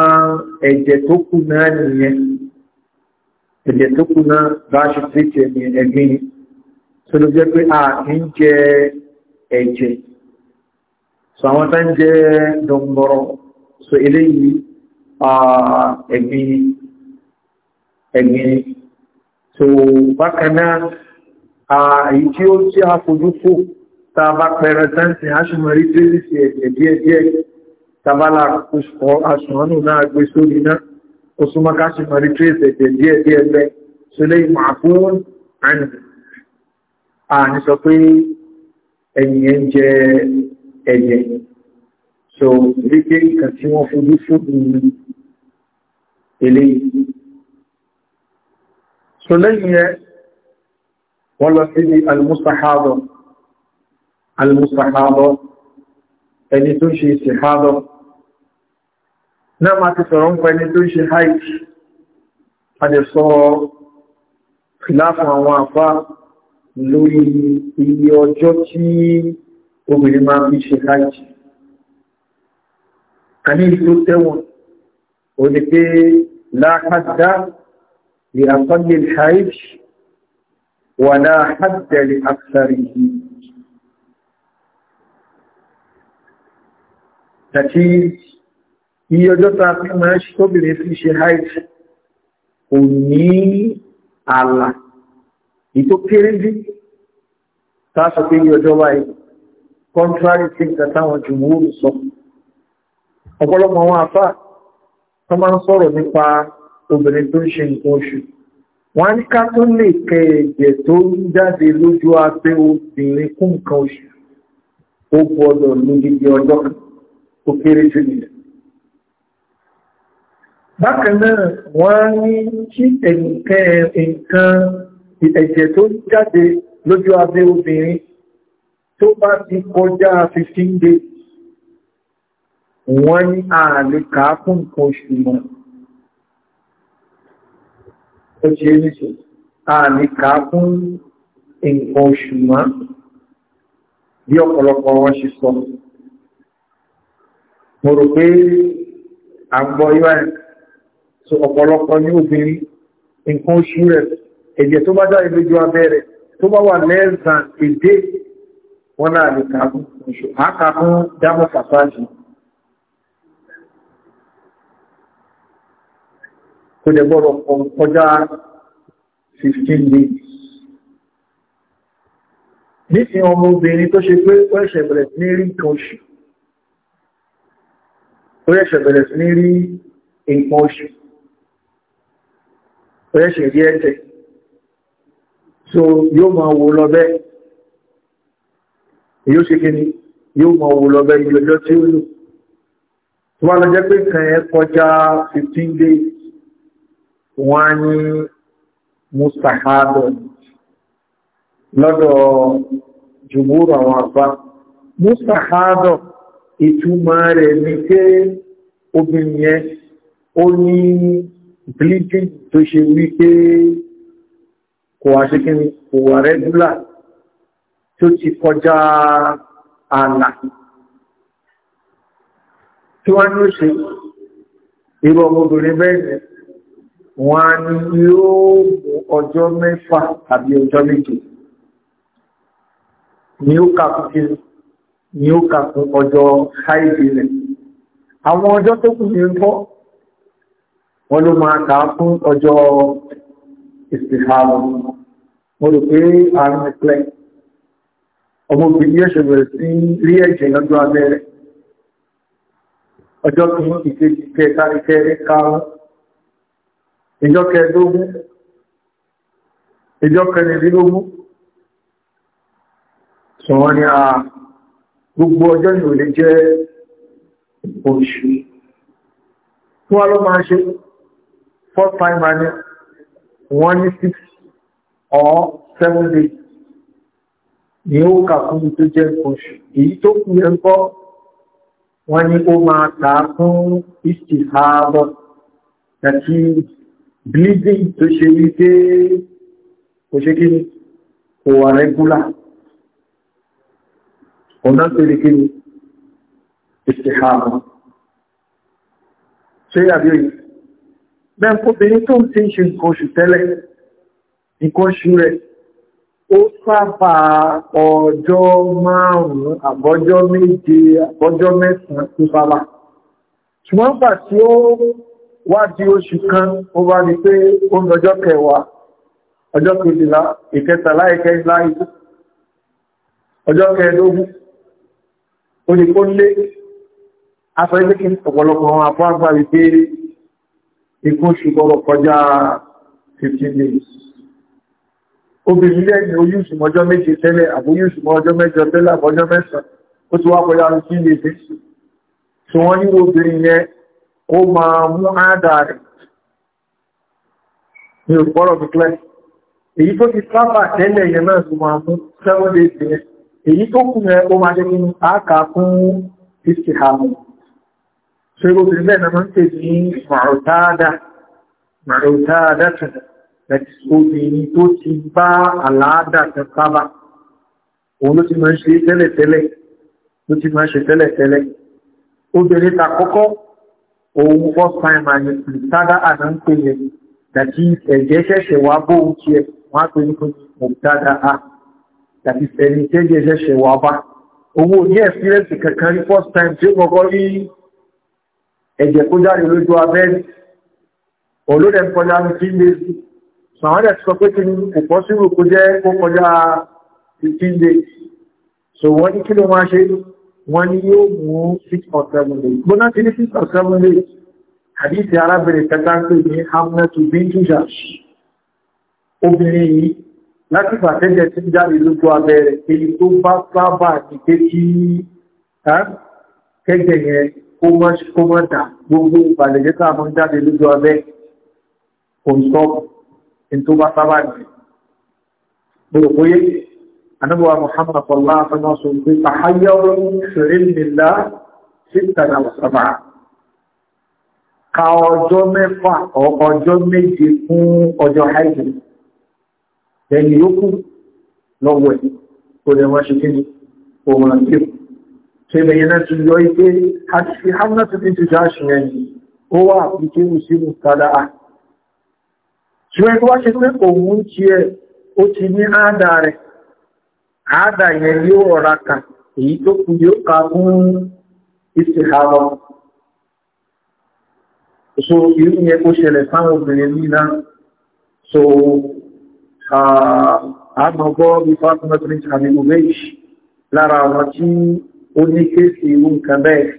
Speaker 1: ẹ̀jẹ̀ tó kù náà nìyẹn ẹ̀jẹ̀ tó kù náà bá ṣe tríṣẹ̀ ní ẹ̀gbìn tó jẹ́ pé a ń jẹ ẹ̀jẹ̀ so àwọn tán jẹ́ dọ̀mọ̀rọ̀ so eléyìí ẹ̀gbin ẹ̀gbin so bákanáà èyí tí ó tí a fojú fò ta bá pẹ̀rẹ̀ sáǹsì aṣùmọ̀rí tí ó sì ẹ̀jẹ̀ díẹ̀díẹ̀ tabala aṣùmọ̀nù náà gbé sórí náà ó súnmọ́ káṣùmọ̀rí tí ó sì ẹ̀jẹ̀ díẹ̀díẹ̀ lẹ́ so lè mà fún àní àní sọ pé ẹ̀yìn ẹ̀ ń jẹ ẹ̀jẹ̀ so wípé nǹkan eléyìí so lẹ́yìn ẹ wọ́n lọ sí ní almustahadọ almustahadọ ẹni tó ṣe ìsìhádọ náà máa ti sọ̀rọ̀ ń pẹ́ ẹni tó ṣe haiti a lè sọ fìláfún àwọn àfá lórí iye ọjọ́ tí obìnrin máa bí ṣe haiti a ní ìlú tẹ́wọ̀n ò ní pé لا حد لأقل الحيش ولا حد لأكثره tàbí iye ọjọ́ ta fi máa ṣe tóbìnrin fi ṣe haiti kò ní ààlà ìtò kéré bí tàṣọ pé iye ọjọ́ wáyé contrary things that àwọn jùmúrù sọ ọ̀pọ̀lọpọ̀ àwọn àfáà tó máa ń sọ̀rọ̀ nípa obìnrin tó ń ṣe nǹkan oṣù wọ́n ní ká tó lè kẹ ẹ̀jẹ̀ tó ń jáde lójú abẹ́ obìnrin kún nǹkan oṣù ó gbọ́dọ̀ lójijì ọjọ́ kan ó kéré jù nílẹ̀ bákan náà wọ́n ní kí nǹkan ẹ̀jẹ̀ tó jáde lójú abẹ́ obìnrin tó bá ti kọjá 15 days wọ́n ní ààlè kàákùn kan oṣù mọ́ ó ti rí nìṣẹ́ ààlè kàákùn nǹkan oṣù mọ́ bí ọ̀pọ̀lọpọ̀ wọn ṣe sọ mo rò pé àgbọ̀ ìwà ẹ̀ so ọ̀pọ̀lọpọ̀ ní obìnrin nǹkan oṣù rẹ̀ ẹ̀jẹ̀ tó bá jáde lójú abẹ́ rẹ̀ tó bá wà less than a day wọ́n náà lè kàákùn oṣù àkàkùn dámọ̀ pàtàkì tó dẹ̀ gbọ́dọ̀ kọjá 15 days. Nífi ọmọ obìnrin tó ṣe pé ó ẹ̀ṣẹ̀ bẹ̀rẹ̀ sí ní rí nǹkan oṣù. Ó ẹ̀ṣẹ̀ bẹ̀rẹ̀ sí ní rí nǹkan oṣù. Ó ẹ̀ṣẹ̀ rí ẹ̀jẹ̀. So yóò máa wo lọ bẹ́ẹ̀. Yóò ṣe kí ni yóò máa wo lọ bẹ́ẹ̀ ní ọjọ́ tí ó lò. Tó bá lọ jẹ́ pé kàn ẹ́ kọjá 15 days wọ́n á ní mustahabu lọ́dọ̀ jùmúrù àwọn àbá mustahabu ìtumọ̀ rẹ̀ ní pé obìnrin yẹn ó ní bleeding tó ṣe wípé kò wá kò wà rẹ́gúlà tó ti kọjá ààlà tí wọ́n ní ó ṣe irú ọmọbìnrin bẹ́ẹ̀ wọ́n ní yóò mú ọjọ́ mẹ́fà tàbí ọjọ́ méje ni ó kàkùn kí ni ó kàkùn ọjọ́ ṣáìdì rẹ̀ àwọn ọjọ́ tó kù ní ń fọ́ wọ́n ló máa kà fún ọjọ́ ìsìnkàlù mo rò pé àrùn ìpẹ́ ọmọbìnrin yóò ṣẹ̀bẹ̀rẹ̀ sí rí ẹ̀jẹ̀ lọ́jọ́ abẹ́rẹ́ ọjọ́ kìí ìkejì kẹta ìkẹrẹ karùn-ún ìjọ kẹẹ̀dógún ìjọ kẹrìndínlógún ṣùgbọ́n ni a gbogbo ọjọ́ ni ò lè jẹ́ oṣù tí wọ́n ló máa ṣe four time ani wọ́n ní six or seven days ni ó kà fún tó jẹ́ oṣù èyí tó kú ẹ̀kọ́ wọ́n ní ó máa tàá fún ìsìnkú ààbọ̀ bleeding tó ṣe wípé kò ṣe kí kò wà rẹ́gúlà ọ̀nà tó lè kí ni ìṣẹ̀hàmà ṣe àbíòyìn bẹ́ẹ̀ kóbìnrin tó ń tí ń ṣe nǹkan oṣù tẹ́lẹ̀ nǹkan oṣù rẹ̀ ó sábà ọjọ́ márùn-ún àbọ́jọ́ méje àbọ́jọ́ mẹ́sàn-án tó sábà ṣùgbọ́n pàtí ó wá di oṣù kan ó bá di pé ó ń ọjọ́ kẹwàá ọjọ́ kejìlá ìkẹtàlá ìkẹjìlá ìlú ọjọ́ kẹẹ̀dógún ó ní kó lé aṣọ ilé kí ọ̀pọ̀lọpọ̀ àwọn àpá àgbà wípé ikú oṣù gbọ́rọ̀ kọjá 15 days obìnrin lẹ́yìn oyún ìṣùmọ̀ ọjọ́ méje tẹ́lẹ̀ àbóyún ìṣùmọ̀ ọjọ́ mẹ́jọ tẹ́lẹ̀ àbọ́jọ́ mẹ́sàn ó ti wá kọjá 15 days ó máa mú àádà rẹ̀ ní òpọ́rọ̀ pípẹ́ èyí tó ti sábà tẹ́lẹ̀ yẹn náà tó máa mú seven days yẹn èyí tó kù yẹn ó máa jẹ́ kí àákà fún fifty hamu ṣe obìnrin bẹ́ẹ̀ náà máa ń pè ní màrútáàdà màrútáàdà tẹ̀lẹ̀ obìnrin tó òun ló ti máa ń ṣe tẹ́lẹ̀tẹ́lẹ̀ ló ti máa ń ṣe tẹ́lẹ̀tẹ́lẹ̀ obìnrin tàkọ́kọ́ òun first time àyè mùtádà àná ń pè yẹn dàbí ẹ̀jẹ̀ ṣẹ̀ṣẹ̀ wá bóun tiẹ̀ wọ́n á pè ní mùtádà á dàbí ẹni tẹ́jẹ̀ ṣẹ̀ṣẹ̀ wá bá owó ní ẹ̀fírẹ́ǹsì kankan rí first time tí ó kọ́kọ́ rí ẹ̀jẹ̀ kó jáde lójú abẹ́rẹ́ olóòdẹ̀ kọjá ní kí lè sí àwọn ẹ̀sì sọ pé kí ní púpọ̀ sírù kó jẹ́ kó kọjá 15 days so wọ́n ní kí ló máa ṣe wọ́n ni yóò mú 6 or 7 days. Bọ́nà ti ní 6 or 7 days, àdíṣẹ́ arábìnrin kẹta pé ní Hamlet Bintu Jash. Obìnrin yìí láti pàtẹ́jẹ tí jáde lójú abẹ́rẹ̀ èyí tó bá sábà ti pé kí kẹ́jẹ̀ yẹn kó mọ́ dà gbogbo ìbàlẹ̀jẹ́ tá a mọ́ jáde lójú abẹ́ kò ń sọ́ọ̀bù tó bá sábà ní. Gbogbo yìí anábọ̀wà muhammad sọ̀lá àtàwọn sọ pé tàháyọ́rọ̀ ṣìrìnlélá sítàdà sàbà ka ọjọ́ mẹ́fà ọjọ́ méje fún ọjọ́ haìjì ẹni yókù lọ́wọ́ ẹ̀ kò lè wọ́n ṣe kí ni òun àti ṣe bẹ̀yẹn náà ti yọ ike àti fi hamlet ti ti jáṣù ẹni ó wà fi kí ní sí mùsàdá à ṣùgbọ́n tó wá ṣe pé òun ti ẹ̀ ó ti ní àádá rẹ̀ àádà yẹn yóò ọ̀rá kà èyí tó kù yóò ká fún ìsìnkàwọ́ so irú yẹn kó ṣẹlẹ̀ sáwọn obìnrin nílá so àmọ́gbọ́ bí Fatima prince hamilovic lára àwọn tí ó ní kéèsì irú nǹkan bẹ́ẹ̀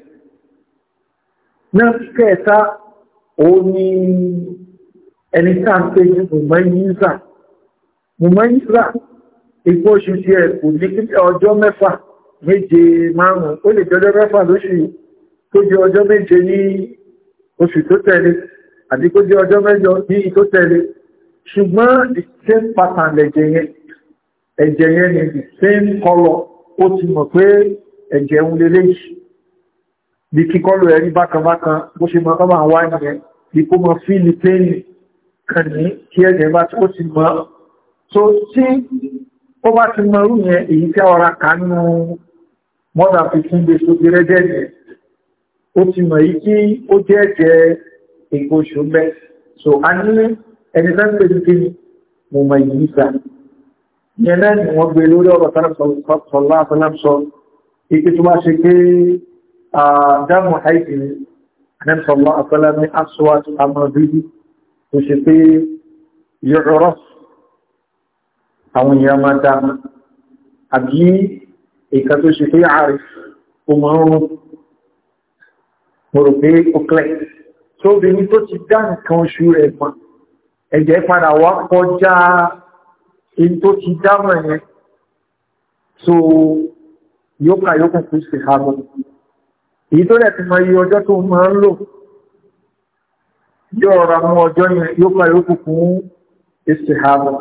Speaker 1: náà kẹta ó ní ẹni tá ń pè ní mùmọ́ yíza igbó oṣù tí ẹ kò ní kíkẹ́ ọjọ́ mẹ́fà méje márùn-ún ó lè jọjọ́ mẹ́fà lóṣù tó jẹ ọjọ́ méje ní oṣù tó tẹ̀lé àti kó jẹ ọjọ́ mẹ́jọ ní tó tẹ̀lé ṣùgbọ́n the same ẹ̀jẹ̀ yẹn ẹ̀jẹ̀ ni the same color ó ti mọ̀ pé ẹ̀jẹ̀ ń leléyìí bí kíkọ́lù ẹ̀rí bákanbákan bó so tí ó bá ti mọ irú yẹn èyí tí ọ̀rá ká nínú mọ́dà fífún gbèsò gẹ́rẹ́ jẹ́jẹ́ ó ti mọ̀ yìí kí ó jẹ́ jẹ́ èkó ṣùgbẹ́ so a nílé ẹni lẹ́gbẹ̀ẹ́ ní kí mo mọ̀ yìí sà yẹn náà ni wọ́n gbé lórí ọ̀rọ̀ sọ́lá sọ ike tó bá ṣe pé dáàmù àìsí ni anẹ́sọ̀lá àfẹ́lá aṣọ àti àmọ́ bíbí tó ṣe pé yọ̀rọ̀ àwọn èèyàn máa dá àbí ìkà tó ṣe pé ààrẹ o máa ń rún mo rò pé ó klẹ̀ tó obìnrin tó ti dá nǹkan oṣù rẹ̀ mọ́ ẹ̀jẹ̀ padà wá kọjá in tó ti dámọ̀ yẹn so yóò kà yóò kùnkùn sí ààbọ̀ èyí tó lẹ́tí máa yí ọjọ́ tó máa ń lò yóò rọra mú ọjọ́ yẹn yóò kà yóò kùnkùn sí ààbọ̀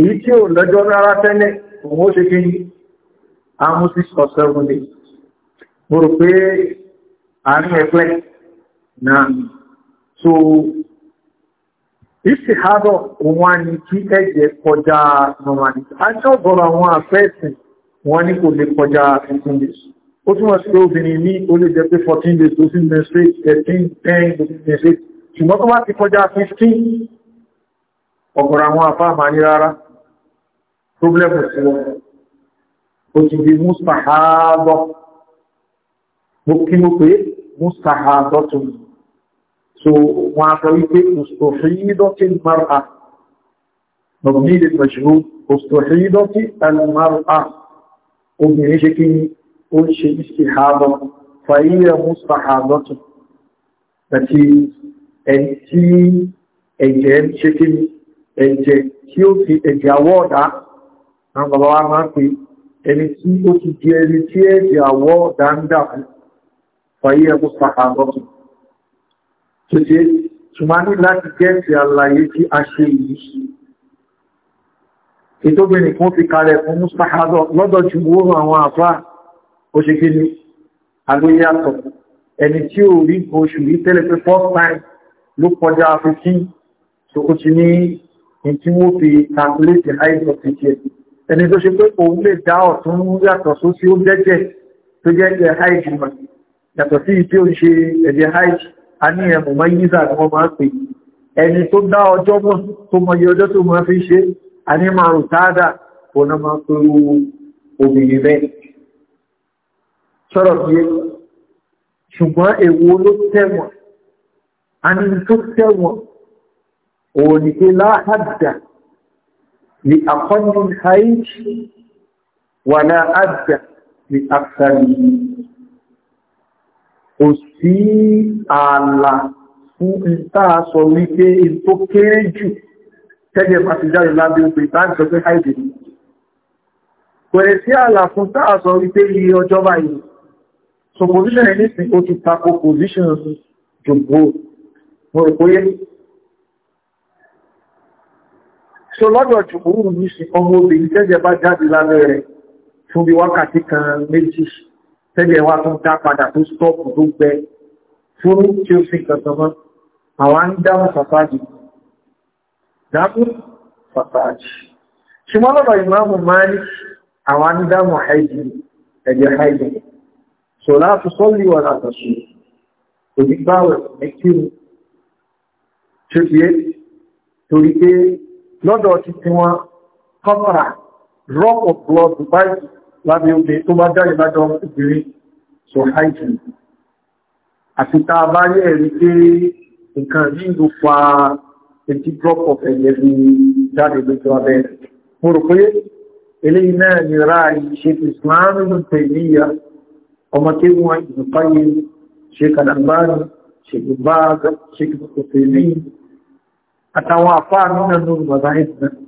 Speaker 1: èyí tí ò lọ́jọ́ rárá tẹ́lẹ̀ òun ó ṣe kí àmú 6 or 7 days mo rò pé àárín ẹ̀pẹ́ náà so ìsìnkádọ̀ òun wá ní kí ẹ̀jẹ̀ kọjá normality àti ọ̀gọ̀rọ̀ àwọn àfẹ́ẹ̀sìn wọ́n ní kò lè kọjá 15 days ó túnmọ̀ sí obìnrin ní ó lè jẹ́ pé 14 days tó sì menstruate 13 10 tó sì menstruate ṣùgbọ́n tó bá ti kọjá 15 ọ̀pọ̀rọ̀ àwọn afáàmà ní rárá problem sí wọn ó ti di mustahabọ mo kí mo pé mustahabọ tó mi so wọn a sọ wípé mustahiidọ́tí mara lọ́gbọ́n ilé pẹ̀ṣùrú mustahiidọ́tí mara obìnrin ṣe kí ó ń ṣe istihabọ fàíyẹ mustahabọ tó àti ẹni ṣe kí ni ẹ̀jẹ̀ tí ó fi ẹ̀jẹ̀ àwọ̀ ọ̀dá àwọn bàbá wa máa ń pe ẹni tí ó ti di ẹni tí ẹ̀jẹ̀ àwọ̀ ọ̀dá ń dà fún fàyí ẹkú sàkàbọ̀tù tó ṣe ṣùgbọ́n ní láti gẹ́ẹ̀sì àlàyé tí a ṣe yìí ìtóbìnrin fún fi kalẹ̀ fún mustahadọ̀ lọ́dọ̀ ju wóró àwọn àfá òṣèkéni agbóyàtọ̀ ẹni tí ó rí oṣù rí tẹ́lẹ̀ pé first time ló kọjá 15 so ó ti ní tí wọ́n fi calculate height of the chair ẹni tó ṣe pé òun lè dá ọ̀tún yàtọ̀ só sí ó jẹ́jẹ́ tó jẹ́ ẹ̀jẹ̀ height mọ̀ yàtọ̀ sí tí ó ṣe ẹ̀jẹ̀ height a ní ẹ̀mù mọ́ yíza ni wọ́n máa ń pè ẹni tó dá ọjọ́ mọ̀ tó mọ iye ọjọ́ tó mọ fi ṣe a ní máa rùn táàdà òun náà máa ń pè obìnrin bẹ́ẹ̀ sọ̀rọ̀ bí ṣùgbọ́n èwo ló tẹ̀wọ̀n a ní tó tẹ̀wọ̀n òun ni pé láhàdà ni àkọ́nù haiti wà láhàdà ni àkàrí kò sí ààlà fún ìta sọ wípé tó kéré jù tẹ́jẹ̀ pàtíjáre lábẹ́ òpin láti sọ pé haiti ni pẹ̀rẹ̀ sí ààlà fún táà sọ wípé iye ọjọ́ báyìí so position ẹni sí ó ti tako position jùgbò mo rò so lọ́dọ̀ jùmúrù ní sí ọmọ obìnrin tẹ́jẹ̀ bá jáde lábẹ́ rẹ̀ fún bí wákàtí kan méjì tẹ́jẹ̀ wá tún dá padà tó stọ́ọ̀pù tó gbẹ fún tí ó fi kankan mọ́ àwọn ń dáhùn fàfáàjì dáhùn fàfáàjì ṣùgbọ́n lọ́dọ̀ ìmáàmù Malik àwọn ń dáhùn haidi ẹ̀jẹ̀ haidi so láti sọ́lì wà láti sọ òdìgbàwẹ̀ mẹ́kírù ṣe torí pé lọ́dọ̀ ti ti wọn kọ́kọ́rà drop of blood dubai lábẹ́ oge tó bá jáde lájọ́ obìnrin so hygiene àti ta bá yẹ́ rí pé nǹkan yìí ló fa ètí drop of ẹ̀yẹ fi jáde lójú abẹ́ mo rò pé eléyìí náà ni ráàyè ṣe islam tẹ̀líyà ọmọ tí wọ́n ìdùnfáyé ṣe kàdàmbáni ṣe gbogbo ṣe gbogbo tẹ̀líyà àtàwọn àfáà nínú lórí bàbá ìsìnkú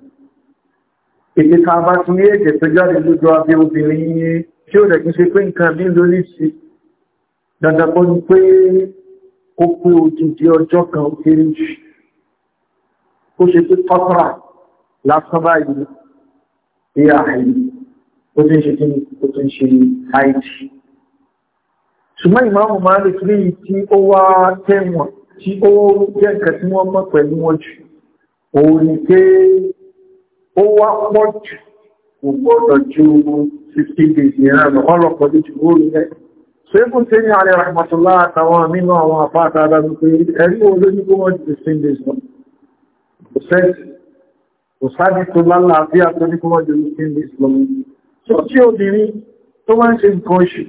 Speaker 1: èdè kan bá tún ní èdè tó jáde lójú abẹ́ obìnrin yìí tí ó rẹ̀kí ṣe pé nǹkan bí lórí sí dandakọ́ ni pé ó pé òjìdí ọjọ́ kan ó kéré jù ó ṣe pé kọ́tọ́rà lásán báyìí ní ààyè ó ti ṣe kí tí ó jẹ́ nǹkan tí wọ́n mọ̀ pẹ̀lú wọn jù òun ni pé ó wá pọ̀ jù kò gbọ́dọ̀ ju 15 days ní ẹ̀rọ ọlọ́pọ̀ lójú orí rẹ̀ ṣékùn tí ní alẹ́ rahmatullá àtàwọn nínú àwọn àpáta adájú pé ẹ̀rí olóyìnbó wọ́n ju 15 days lọ kò sẹ́ẹ̀sì kò sáájú tó lálà bí a tó ní kó wọ́n ju 15 days lọ so tí obìnrin tó máa ń ṣe nǹkan oṣù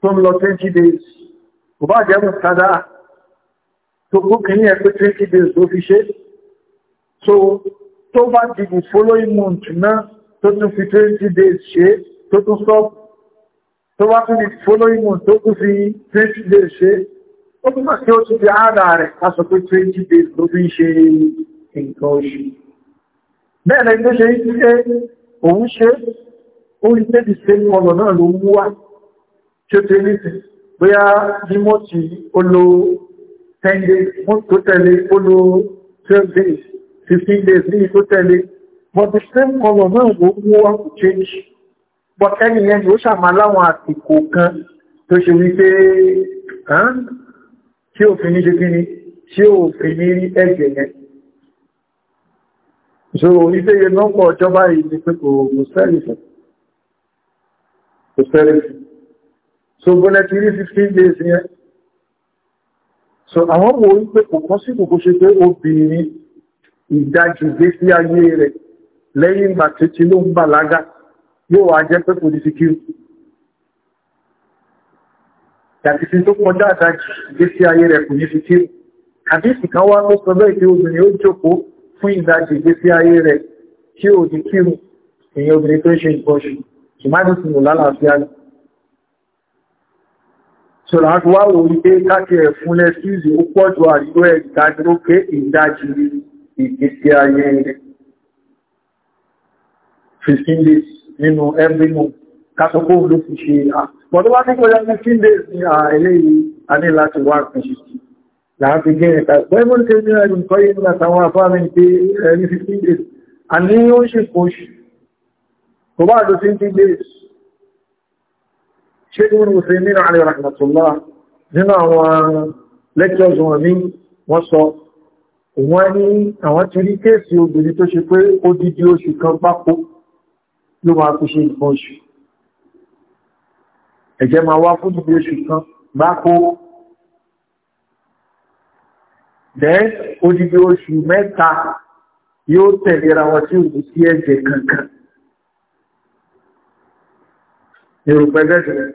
Speaker 1: tó ń lọ 20 days kò bá jẹ́ mùsádà tó gúnkì ní ẹgbẹ́ 20 days ló fi ṣe so tó bá dìbò following month náà tó tún fi 20 days ṣe tó tún stop tó bá tún dìbò following month tó tún fi 20 days ṣe ó túnmọ̀ sí ó ti fi ààrà rẹ̀ aṣọ pé 20 days ló fi ṣe nǹkan oṣù bẹ́ẹ̀rẹ̀ ilé ṣe ṣe òun ṣe orí tẹ́bì ṣe ní ọlọ̀ náà ló mú wá tí ó tẹ́ nìtì bóyá bí mọ́ ti olóò 10 days tó tẹ̀lé ó lo 12 days 15 days ní tó tẹ̀lé but the same color náà ló mú wá kò change but ẹni yẹn ló ṣàmà láwọn àsìkò kan tó ṣe wípé tí òfin ní ṣe kí ni tí òfin ní ẹ̀jẹ̀ yẹn so ilé yẹn nọ́pọ̀ ọjọ́bá yìí ni pé kò sẹ́lì fún kò sẹ́lì fún so bọ́lẹ̀ tí rí 15 days yẹn so àwọn wo wípé kò kọ́ sí kòkó ṣe pé obìnrin ìdájì gbé sí ayé rẹ̀ lẹ́yìn ìgbà títí ló ń bàlágà yóò wá jẹ́ pé kò ní sí kíru yàtìsí tó kọjá àdájì gbé sí ayé rẹ̀ kò ní sí kíru àdísì kan wá ló sọ bẹ́ẹ̀ tí obìnrin ó jókòó fún ìdájì gbé sí ayé rẹ̀ tí ò ní kíru èyàn obìnrin tó ń ṣe ìbọ̀ṣù ìmáàdùsùn lò lálàáfíà rẹ̀ sọ̀rọ̀ àgbà wò ní pé káàkiri ẹ̀fún lẹ́síìsì ó pọ̀ jù àríwọ̀ ìdájúrókè ìdájí ìgbésí ayé rẹ̀ days nínú every month kásọ̀kó ló fi ṣe àpọ̀tọ́ wá nígbọ́ ya 15 days ní ààrẹ yìí a ní láti wá pẹ̀ṣì láti gẹ́rẹ̀ ká pẹ́mọ́n tẹ́ ní ẹ̀rùn kọ́ yìí nígbà táwọn days a ní ó ṣe days ṣégun ní mùsùlùmí náà alẹ́ rahmatullah nínú àwọn lectures wọn ní wọ́n sọ wọ́n ní àwọn ti rí kéèsì obìnrin tó ṣe pé ó dídí oṣù kan pápó ló máa kú ṣe nǹkan oṣù ẹ̀jẹ̀ máa wá fún dídí oṣù kan pápó then odidi oṣù mẹ́ta yóò tẹ̀lera wọn tí ò sí ẹ̀jẹ̀ kankan The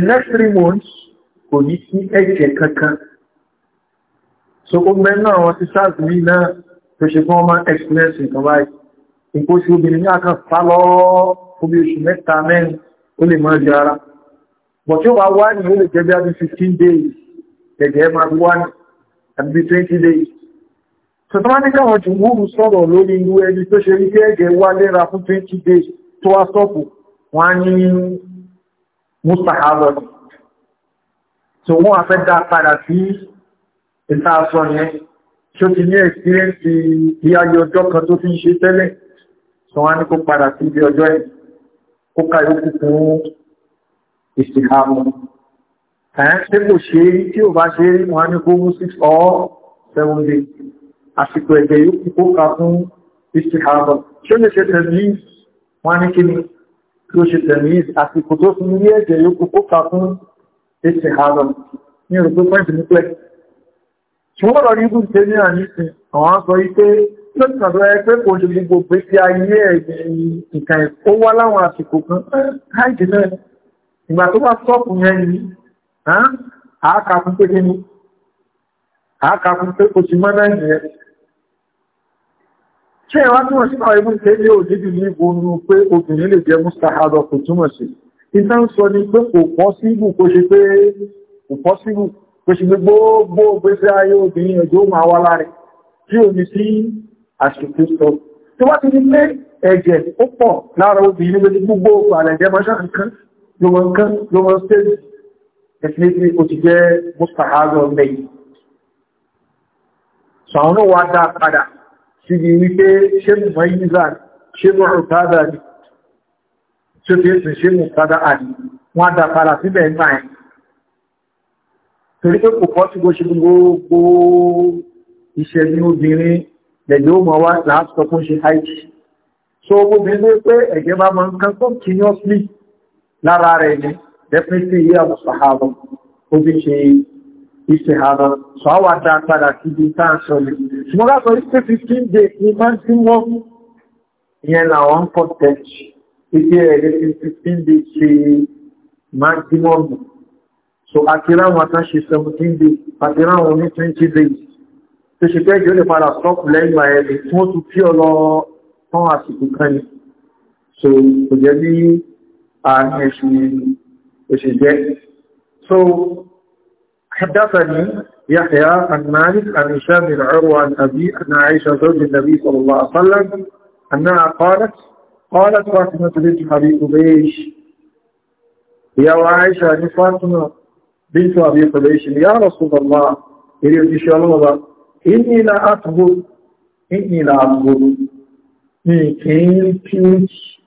Speaker 1: next three months kò ní sí ẹ̀jẹ̀ kankan. So ó mẹ́ náà wọn ti sáàtì ní náà tó ṣe fún ọmọ experience nǹkan báyìí. Nǹkan oṣù obìnrin ní àkàn fálọ́ fún bí oṣù mẹ́ta mẹ́rin ó lè máa jẹ ara. Bọ̀ tí ó wá wá ní ó lè jẹ́ bí 15 days, ẹ̀jẹ̀ máa wá ní àbí 20 days sọ̀tọ́máníkà wọn jù wúrù sọ̀rọ̀ lórí irú ẹni tó ṣe rí gẹ́gẹ́ wá lẹ́ra fún 20 days tó wá sọ́pù wọ́n ní mustahalo ni so wọ́n afẹ́ dá padà sí ìta sọ yẹn ṣó ti ní ẹ̀sírẹ́ǹsì bí ayé ọjọ́ kan tó fi ń ṣe tẹ́lẹ̀ so wọ́n ní kó padà sí ibi ọjọ́ ẹ̀ kó ka yókù fún ìsìnkámu ẹ̀ ṣé kò ṣe é tí ò bá ṣe é wọ́n ní kó mú six or seven days àsìkò ẹ̀gbẹ̀ yóò kó ká fún istihaba ṣe lè ṣe tẹ̀lís wọ́n ní kíni tí ó ṣe tẹ̀lís àsìkò tó fún ní ẹ̀jẹ̀ yóò kó ká fún istihaba ní òrùn tó pẹ́ǹtì nípẹ́ ṣùgbọ́n lọ rí ibùn tẹ́lẹ̀ náà nísìn àwọn sọ wípé ló ti sàdọ́ ẹ pé kò ṣe gbogbo pé sí ayé ẹ̀ nǹkan ẹ̀ ó wá láwọn àsìkò kan káìdì eh, náà ìgbà tó bá sọ́ọ̀pù yẹn ni àákà fún pé kí ni àákà fún pé kò sí mọ́ náà ṣe ẹ̀wá túnmọ̀ sí àwọn ibùn tẹ́lẹ̀ òdídì ní oòrùn pé obìnrin lè jẹ́ mustahada kò túnmọ̀ sí ìtàn sọ ni pé kò pọ́síbù kó ṣe pé kò pọ́síbù kó ṣe pé gbogbo gbèsè ayé obìnrin ẹ̀jọ́ máa wá láre tí ò ní sí àṣìkò sọ tí wá ti ní pé ẹ̀jẹ̀ ó pọ̀ lára obìnrin lórí gbogbo àlẹ̀jẹ́ mọ́ṣá nǹkan ló mọ́ nǹkan ló mọ́ stéèjì ẹ̀fìnẹ́tì ó ti jẹ́ mustahada mẹ́yìn sọ àwọn náà wá dá padà síbi wípé ṣe mú mọ́yíza ṣe mú ọ̀tádà ní ṣe fi ẹ̀sìn ṣe mú ọ̀tádà àní wọ́n dá padà síbẹ̀ ńgbà ẹ̀ torí pé kò kọ́ sí gbóṣe gbogbo iṣẹ́ ní obìnrin lẹ̀yẹ́ ó mọ̀ wá láàtọ̀ fún continuously lára definitely yíyàwó sàhábà ó fi ṣe ìṣẹ̀hàrọ̀ sọ àwà dá padà sí ibi táà sọlẹ̀. ṣùgbọ́n láti orí pé 15 days ní máa tí wọ́n yẹn làwọn ń pọ̀ tẹ́jì ìdí ẹ̀rẹ́ 15 days ṣe máa tí wọ́n mú so àti ráwọn àtàṣe 17 days àti ráwọn ní 20 days tó ṣe pẹ́jì ó lè padà stop lẹ́yìn àyẹ̀lẹ̀ tí wọ́n tún fí ọlọ tán àsìkò kan ni so kò jẹ́ bí àárín ẹ̀ṣù òṣèjẹ́ so حدثني يحيى عن مالك عن هشام بن عروة عن أبي أن عائشة زوج النبي صلى الله عليه وسلم أنها قالت قالت فاطمة بنت أبي قبيش يا عائشة فاطمة بنت أبي قبيش يا رسول الله يريد إن شاء الله إني لا أطهر إني لا أطهر من كين كينش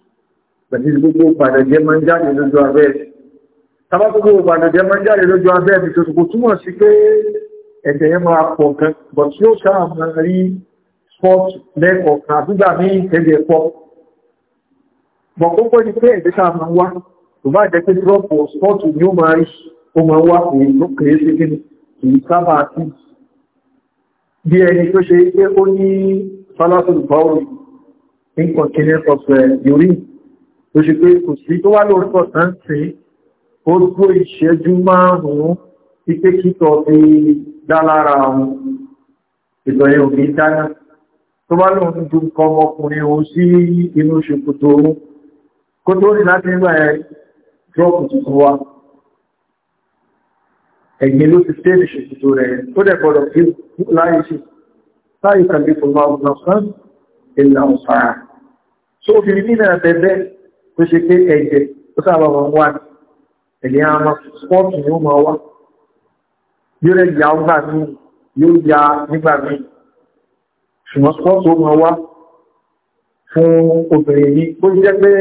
Speaker 1: بس يقولوا بعد جمع جاد يدرسوا tàbá gbogbo ìgbàlẹ̀jẹ́ máa ń jáde lójú abẹ́ mi tó tukù túmọ̀ sí pé ẹ̀jẹ̀ yẹn máa pọ̀ kan bọ̀ tí ó sáà máa rí sport lẹ́kọ̀ọ̀kan àdúgbà ní ẹ̀jẹ̀ pọ̀ bọ̀ kókó ni pé ẹ̀jẹ̀ sáà máa wá tó bá jẹ́ pé drop of sport ni ó máa rí ó máa wá kò ní kéré sí kí ni kì í sábà sí bí ó tó ìṣẹ́jú márùn-ún ipé kítọ̀ ti dá lára ohun ìtọ̀yẹ̀ òbí dáná tó bá lóun ju ọmọkùnrin ohun sí inú ṣòkòtò ohun kó tó rí láti nígbà ẹ̀ drọ́pù tuntun wa ẹ̀gbìn ló ti tẹ́lì ṣòkòtò rẹ̀ tó dẹ̀ gbọ́dọ̀ kí láyé ṣe láyé kàlẹ́ fọlá ọ̀nà sán ìlà ọ̀sára tó obìnrin nínú ẹ̀bẹ̀ bẹ́ẹ̀ tó ṣe pé ẹ̀jẹ̀ tó sábà wọn wà ní ẹ̀lẹ́ àmà spọ́ọ̀tù ni ó máa wá yóò rẹ̀ yà ọgbà ní yóò yà nígbà mí ṣùgbọ́n spọ́ọ̀tù ó máa wá fún obìnrin yìí ó jẹ́ pé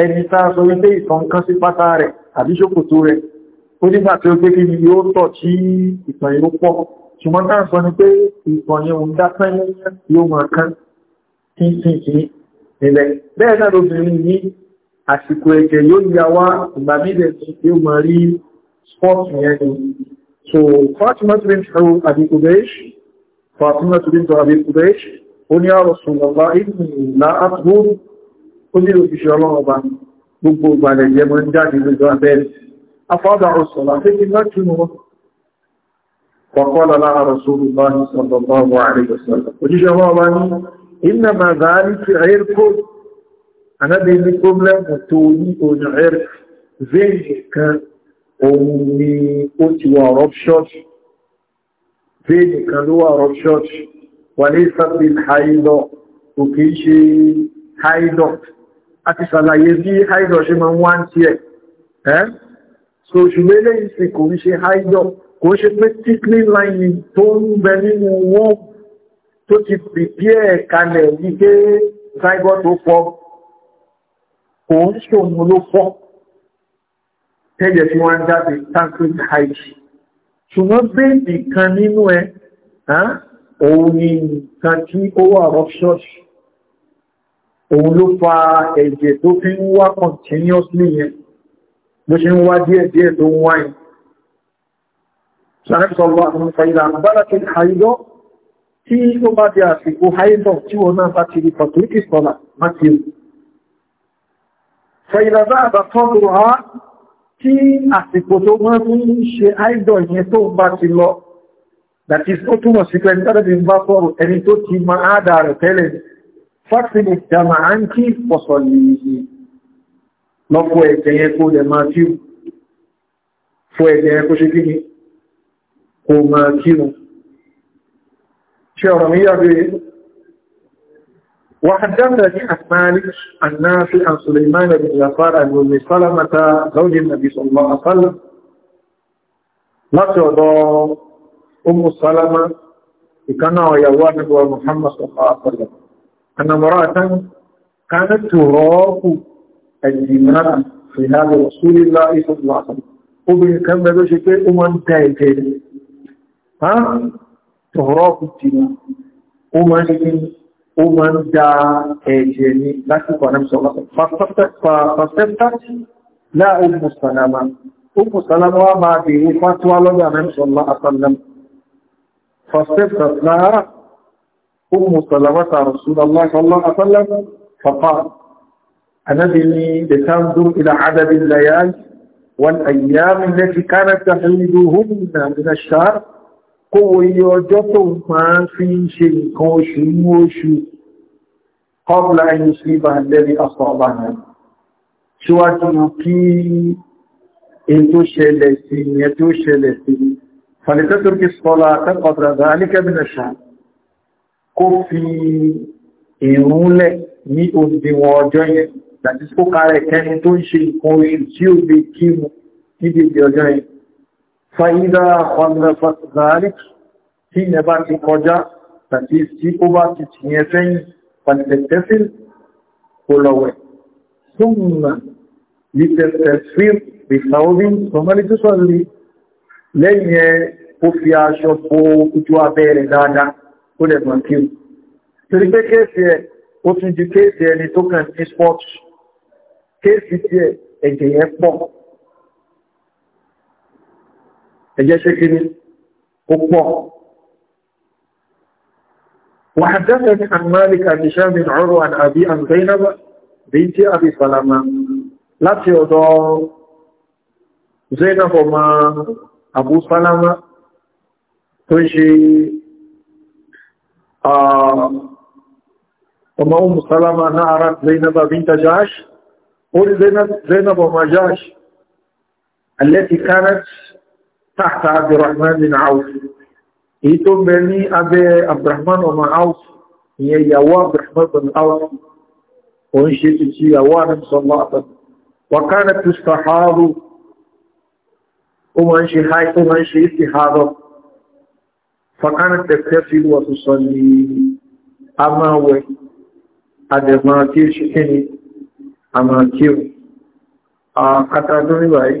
Speaker 1: ẹni tá a sọ wípé ìtàn kan sí pátá rẹ̀ àbí ṣòkòtò rẹ̀ ó nígbà tí ó gbé kí ni yóò tọ̀ tí ìtàn yìí ó pọ̀ ṣùgbọ́n tá a sọ ni pé ìtàn yìí òun dá sẹ́yìn yóò máa kán tí tí tí nílẹ̀ bẹ́ẹ̀ náà lóbìnrin yìí àsìkò ẹ̀jẹ̀ yóò yà wá ìgbà mílẹ̀ yóò máa rí spọ́ọ̀tù yẹn ni so Fatima bin ṣàrò àbíkúbẹ́ṣ Fatima bin ṣàrò àbíkúbẹ́ṣ ó ní àrọ̀ sọ̀lọ̀lá ìgbìyànlá àtúgbòrò ó ní òṣìṣẹ́ ọlọ́run ọba gbogbo ìgbàlẹ̀ jẹ́ mọ́ anábì ní pọ́blẹ́mù tó ní òyìn ẹ̀rẹ̀ vein kan òun ni ó ti wà ruptured vein kan ló wà ruptured wà ní sabil haidọ̀ kò kìí ṣe haidọ̀ a ti ṣàlàyé bí haidọ̀ ṣe máa ń wá ń tiẹ̀ ẹ́ so ṣùgbọ́n eléyìí sì kò ń ṣe haidọ̀ kò ṣe pé tickling line tó ń bẹ nínú wọ́n tó ti pìpì ẹ̀ kalẹ̀ wípé zygote ó pọ̀ kò ń ṣòun ló fọ́ tẹ́jẹ̀ tí wọ́n ń jáde tankic haiti ṣùgbọ́n bẹ́ẹ̀dì kan nínú ẹ òun ni nǹkan tí ó wà rọ́ṣọ́ṣì òun ló fa ẹ̀jẹ̀ tó fi ń wá continuously yẹn ló ṣe ń wá díẹ̀díẹ̀ tó ń wáyìn sàrẹ́sọ̀lọ́ àwọn fàyílà àbára tí àìdọ́ tí ó bá di àsìkò haidọ̀ tí wọ́n náà bá ti rí pàtó ìsọ̀lá má فإذا ذهب قدرها tí àsìkò tó wọ́n tún ń ṣe idol yẹn tó bá ti lọ that is ó túnmọ̀ sí pẹ̀lú tàbí bá sọ́rọ̀ ẹni tó ti ma áàdà rẹ̀ tẹ́lẹ̀ fásitì jama á ń kí pọ̀sọ̀ lèyí lọ́pọ̀ ẹ̀jẹ̀ yẹn kó lẹ̀ máa kí fún ẹ̀jẹ̀ yẹn kó ṣe kí ni وحدثني عن مالك عن نافع عن سليمان بن يسار عن ام سلمة زوج النبي صلى الله عليه وسلم لقد ام سلمة كان ويوان هو محمد صلى الله عليه وسلم ان امرأة كانت تراق الدماء في هذا رسول الله صلى الله عليه وسلم وبين كم بدو شيء ومن تايتين ها تراق الدماء أمان ó máa ń da ẹ̀jẹ̀ ní lásìkò àdámsọ̀lọ́sọ̀. láàrín mùsàlámà ó mùsàlámà wá máa bèèrè fátíwá lọ́dọ̀ àdámsọ̀lọ́ àtàlẹ́m fọ́sẹ́fẹ́sẹ́lára ó mùsàlámà tààrùsúlọ́lọ́ kó wo iye ọjọ́ tó ń máa fi ń ṣe nǹkan oṣù inú oṣù kọ́bùlá ẹni sí ibà lẹ́rí ọ̀pọ̀ ọba náà ṣíwájú kí èyí tó ṣẹlẹ̀ sí ìyẹn tó ṣẹlẹ̀ sí fàlẹ̀tẹ́tọ́kì sọ́lá àtẹ́kọ̀dàdà fàídá ọ̀nàfàt zalik tí ẹ bá ti kọjá tàbí tí ó bá ti ti yẹn fẹ́yìn pàtẹ̀tẹ̀fíl kò lọ̀wẹ̀ súnmà lítẹ̀tẹ̀fíl ìsàóbí sọmọ́lítúsọ̀lì lẹ́yìn ẹ ó fi aṣọ po ojú abẹ́rẹ̀ dáadáa ó lẹ̀ mọ̀ kí torí pé kéèsì ẹ ó tún ju kéèsì ẹni tó kàn ní spọ́ọ̀tù kéèsì tí ẹ ẹ̀jẹ̀ yẹn pọ̀ ẹjẹ́ ṣe kí ni ó pọ̀ وحدثني عن مالك عن هشام بن عروة عن أبي عن زينب بنت أبي سلمة láti ọ̀dọ̀ Zainab ọmọ Abu Salama tó ṣe ọmọ Umm Salama náà ara Zainab binta Jahsh ó rí Zainab ọmọ Jahsh التي كانت tààtà abdurrahman bin auf èyí tó bẹ ní abẹ́ abdurrahman ọmọ auf ìyẹn ìyàwó abdurrahman bin auf òun ṣe ti ti ìyàwó àrẹ́sọ́lá àtàkù wàkánà tó sàhárù ó máa ń ṣe háì ó máa ń ṣe ìsì hárọ̀ fàkánà tẹ̀tẹ̀ fi wà tó sọ ní a máa àti ìṣẹ́kẹ́ni àmà àti ìwò àkàtà lórí báyìí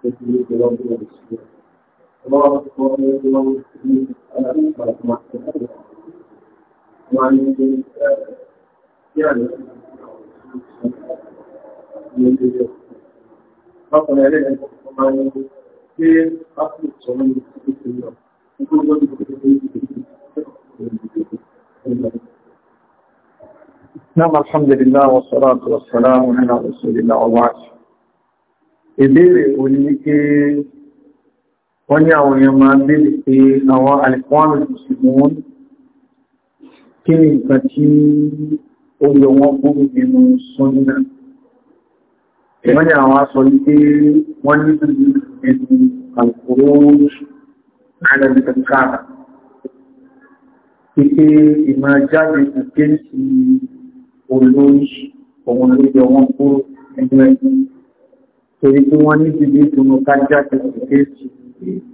Speaker 1: نعم الحمد لله والصلاة والسلام على رسول الله وبعد ìbéèrè òní wípé wọ́n ní àwọn èèyàn máa béèrè pé àwọn alìkọ́nù ìṣìgbọ́n kí ni nǹkan tí ó yọ wọ́n fún nínú sọ́nà wọ́n ní àwọn aṣọ wípé wọ́n ní nínú àkùrò alẹ́bẹ̀kàrà wípé wọ́n fún nínú ẹgbẹ̀rún torí pé wọ́n ní bíbí ìdùnnú ká jáde ìgbésù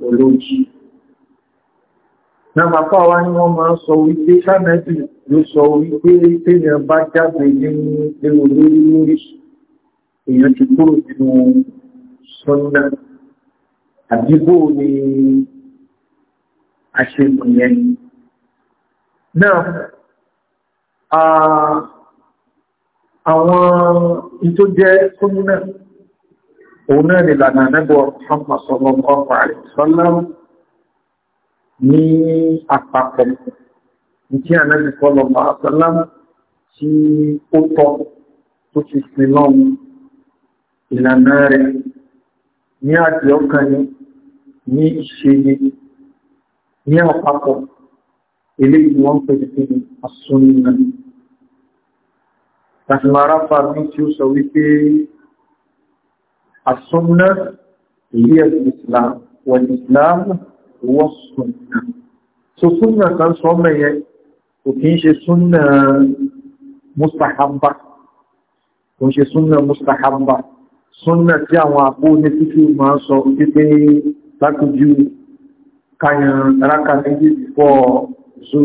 Speaker 1: olójì. Nàbà fà wá ní wọ́n máa ń sọ wípé Sámẹ́sì ló sọ wípé téèyàn bá jáde ní ewu lórí lórí èèyàn ti kúrò nínú sọ́nà. Àdúgbò ni àṣekù yẹn. Náà, àwọn ìtó sọ́nà òun náà ni lànà nẹ́bọ̀ Muhammad sallallahu alaihi wasallam ní àpapọ̀ tí a nẹ́bí sallallahu alaihi wasallam tí ó tọ́ tó ti sin lọ́wọ́ ìlànà rẹ̀ ní àti ọkàn ni ní ìṣe ni ní àpapọ̀ ilé ìwọ̀n pẹ̀lú asúnnà. Tàṣìmára fàmí tí ó sọ wípé السنة هي الإسلام والإسلام هو السنة so sunna kan sọ mẹ́yẹ kò kí ń ṣe sunna mustahamba kò ń ṣe sunna mustahamba sunna tí àwọn àpò ní títí ma ń sọ wípé lákòójú kayan ráka méjì bífọ́ zo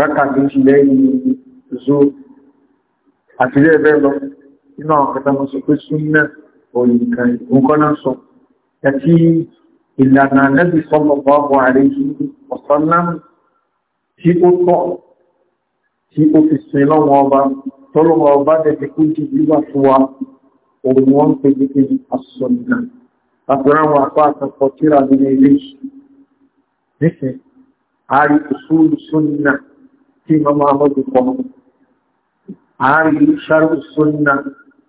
Speaker 1: ráka méjì lẹ́yìn zo àti lẹ́ẹ̀bẹ́ lọ nínú àwọn kẹta mọ́ sọ pé sunna òyìnkan ìgbónkọ́nà sọ àti ìlànà Ànábì sallallahu alayhi wa sallam tí ó tọ́ tí ó fi sin lọ́wọ́ ọba tọ́lọ́wọ́ ọba dẹ̀dẹ̀ kú jù nígbà fún wa òun wọ́n pè ní kí àsọ̀nà àtúráwọ̀ apá àtàkọ̀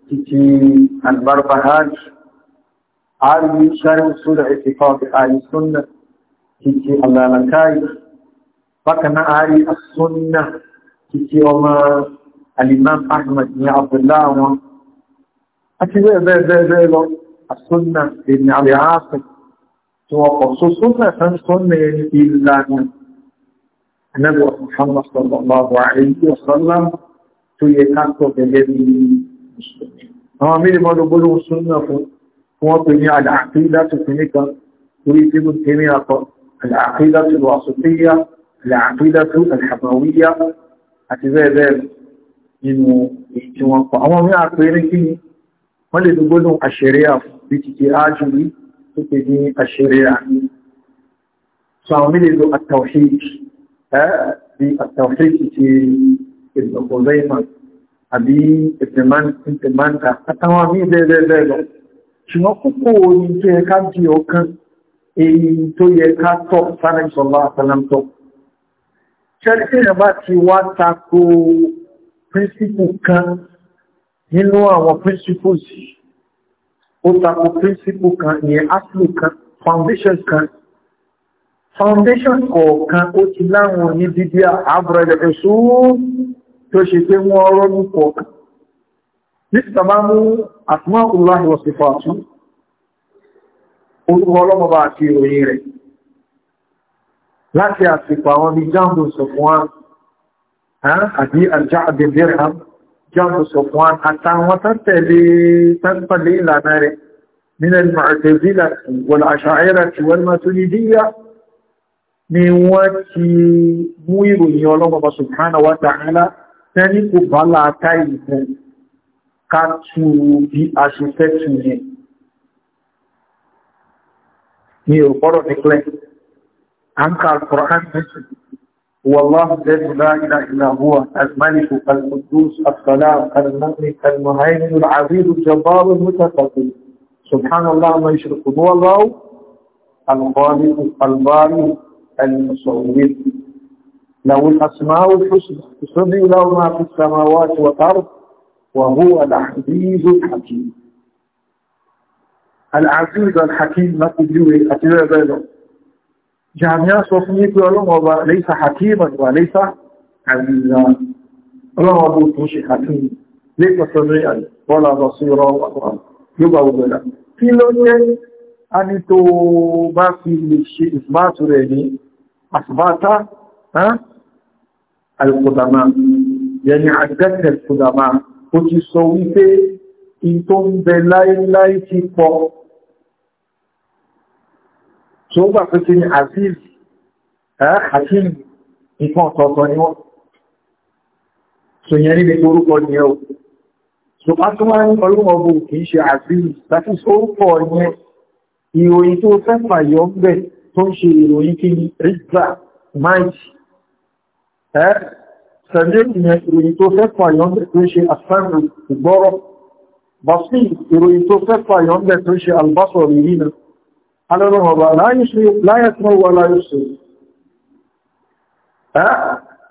Speaker 1: تيجي أنبار بهاج عالي شارع سورة اتفاق آل السنة تيجي الله لكاي فكما عالي السنة تيجي وما الإمام أحمد بن عبد الله وما علي عاصم توقف سنة فان سنة يعني الله عليه وسلم تو يكاكو àwọn mílì mọ́lù gbólóhùn súnmọ́ fún wọ́n pè ní àlàáfíìdátù kìníkan orí tíbù kìíní àkọ́ àlàáfíìdátù wàsùtíyà àlàáfíìdátù alhàbàwíyà àti bẹ́ẹ̀ bẹ́ẹ̀ nínú èyí tí wọ́n kọ́ àwọn mìíràn pè ní kí wọ́n lè dúgbó lóhun àṣẹríà bí ti ti ájú rí tó pè ní àṣẹríà ní sọ àwọn mílì lo àtàwíṣ bí àtàwíṣ ti ti ìlọ̀pọ̀ lẹ́yìn àbí ìpèmáǹtà àtàwọn mí bẹ́ẹ̀bẹ́ẹ̀ lọ ṣùgbọ́n púpọ̀ orin tó yẹ ká di ọkàn èyí tó yẹ ká tọ́ sánẹ́sọ̀lá àtàlámtọ́ ṣẹ́lẹ́sẹ̀yàn bá ti wá tako príncipù kan nínú àwọn príncipù yìí ó tako príncipù kan ìyẹn kan foundation kan foundation kọ̀ọ̀kan ó ti láwọn ní dídí àbúrẹ́lẹ̀ ẹ̀ṣùn tó ṣe pé wọ́n rọ́gbù kọ̀ọ̀kan nípa bá mú asma'ullahi wa sifatu orúkọ ọlọ́mọba àti ìròyìn rẹ̀ láti àsìkò àwọn bí jambu sọ̀fún àbí àjáàbì dirham jambu sọ̀fún àtàwọn tàtẹ̀lé tàtẹ̀lé ìlànà rẹ̀ من المعتزلة والعشائرة والماتريدية من وكي موير يولوم tẹ́ni kò bá láàká ìlú ká tú bí a ṣe fẹ́ tú yẹn ni ò gbọ́dọ̀ ní pẹ́ àǹkà al-Qur'an mẹ́sìn والله الذي لا إله إلا هو الملك القدوس السلام المؤمن المهيمن العزيز الجبار المتفضل سبحان الله ما يشرك هو الله الخالق الباري المصور له الأسماء الحسنى يسمي له ما في السماوات والأرض وهو العزيز الحكيم العزيز الحكيم ما تجوه أتلا بينه جامعة صفنيك يقولون ليس حكيما وليس عزيزا الله أبو توشي حكيم ليس سميعا ولا بصيرا يبقى بلا في لونين أن تبا في الشيء إثبات ريني أثباتا ها alùpùdàmá yẹni àgẹ́gẹ̀ alùpùdàmá ó ti sọ wípé in tó ń bẹ láíláí ti pọ̀ tí ó gbà pé kí ni aziz hakim nǹkan ọ̀tọ̀ọ̀tọ̀ ni wọ́n so yẹn níbi orúkọ ni ẹ̀ o so a tún wáyé ọlọ́run ọgbọ̀ kì í ṣe aziz that is orúkọ yẹn ìròyìn tó fẹ́ fàyọ́ ń bẹ̀ tó ń ṣe ìròyìn kí ni rizal might sẹ̀lé ìròyìn tó fẹ́ pàyọ́ndẹ̀ tó ṣe àfẹ́rù ìgbọ́rọ̀ basí ìròyìn tó fẹ́ pàyọ́ndẹ̀ tó ṣe albásọ̀ rìnrìnà alọ́lọ́wọ̀bà láyẹ̀sán wà láyẹ̀sán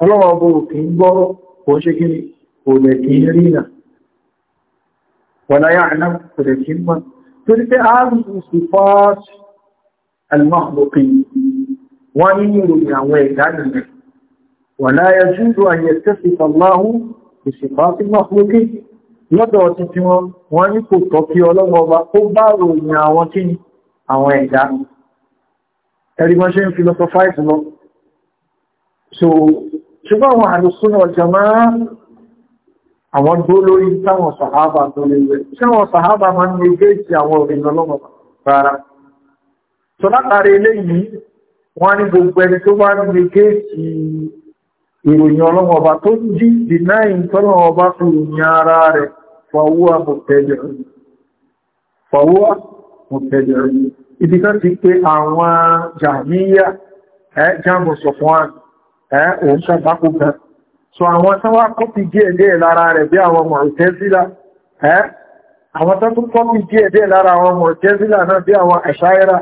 Speaker 1: ọlọ́wọ̀bọ̀ kì ń gbọ́rọ̀ kò ṣe kí kò lẹ̀ kì ń rìnà wà láyẹ̀ àná kò lẹ̀ kì ń mọ́ torí pé ààrùn ìsìfáàt almahbukin wọ́n nínú ìròyìn àwọn ẹ̀dá nìyẹn ولا يجوز أن يتصف الله بصفات المخلوقين lọ́dọ̀ ọtí tí wọ́n wọ́n ní kò tọ́ kí ọlọ́wọ́ ọba ó bá ròyìn àwọn kí ní àwọn ẹ̀dá ẹ̀rí wọ́n ṣe ń fi lọ́tọ̀ fáìfù lọ so ṣùgbọ́n àwọn àlùsùn ọjọ́ máa àwọn gbó lórí táwọn sàhábà tó lè rẹ̀ ṣé àwọn sàhábà máa ń gbé sí àwọn òrìn ọlọ́wọ́ rárá so látàrí eléyìí wọ́n ní gbogbo ẹni tó bá ń gbé sí ìròyìn ọlọ́wọ́ ọba tó ń jí dìnáyìn tọ́lọ́wọ́ ọba fi ìyìn ara rẹ̀ fọwọ́ mọ̀tẹ̀jẹ̀rẹ̀ ibi kan ti pé àwọn jàmíyà jàmù sọ̀fọ́n òun sàbákò gan so àwọn tán wá kọ́pì díẹ̀díẹ̀ lára rẹ̀ bí àwọn mọ̀tẹ́sílà àwọn tán tún kọ́pì díẹ̀díẹ̀ lára àwọn mọ̀tẹ́sílà náà bí àwọn àṣáyẹ́ra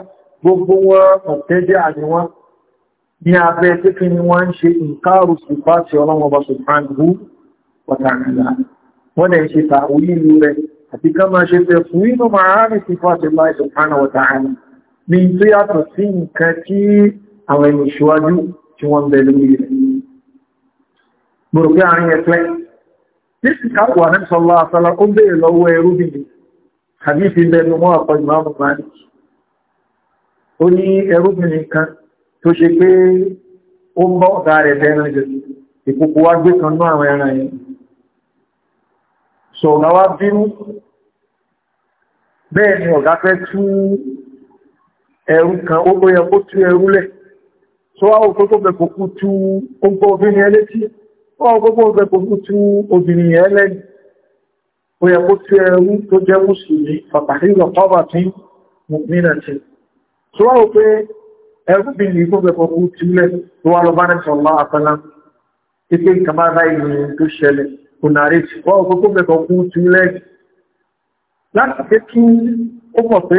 Speaker 1: ní abẹ́ pípín ni wọ́n ń ṣe ìkáàrù sípá tí ọlọ́wọ́ bá subhanahu wa ta'ala wọ́n dẹ̀ ṣe tàwílú rẹ̀ àti ká máa ṣe fẹ́ fún inú máa rí sípá tí láì subhanahu wa ta'ala ní tó yàtọ̀ sí nǹkan tí àwọn ẹni ìṣíwájú tí wọ́n bẹ̀ lórí rẹ̀ gbòrògbé àbí ìfilẹ̀ ni wọ́n àpọ̀ ìmáàmù máa ní ó ní ẹrúbìnrin kan tó ṣe pé ó ń bọ́ ọ̀gá rẹ̀ fẹ́ràn jù ìkòkò wá gbé kan náà àwọn ẹran yìí so ọ̀gá wá bínú bẹ́ẹ̀ ni ọ̀gá fẹ́ tú ẹrú kan ó yẹ kó tú ẹrú lẹ̀ tó wá òkú tó bẹ̀ kòkú tú ogbó obìnrin ẹlẹ́tí ó wá òkú tó bẹ̀ kòkú tú obìnrin ẹlẹ́ni ó yẹ kó tú ẹrú tó jẹ́ mùsùlùmí pàtàkì lọ pọ́bà mùmínà ti tó wá òkú ẹgbẹ́bìn ní gbogbo ẹ̀kọ́ kú sílẹ̀ tó wà lọ bá nẹ́sọ̀ lọ àtàlá pípé ìkàmá báyìí ní tó ṣẹlẹ̀ kò nàrí wọ́n kó gbogbo ẹ̀kọ́ kú sílẹ̀ láti pé kí ó mọ̀ pé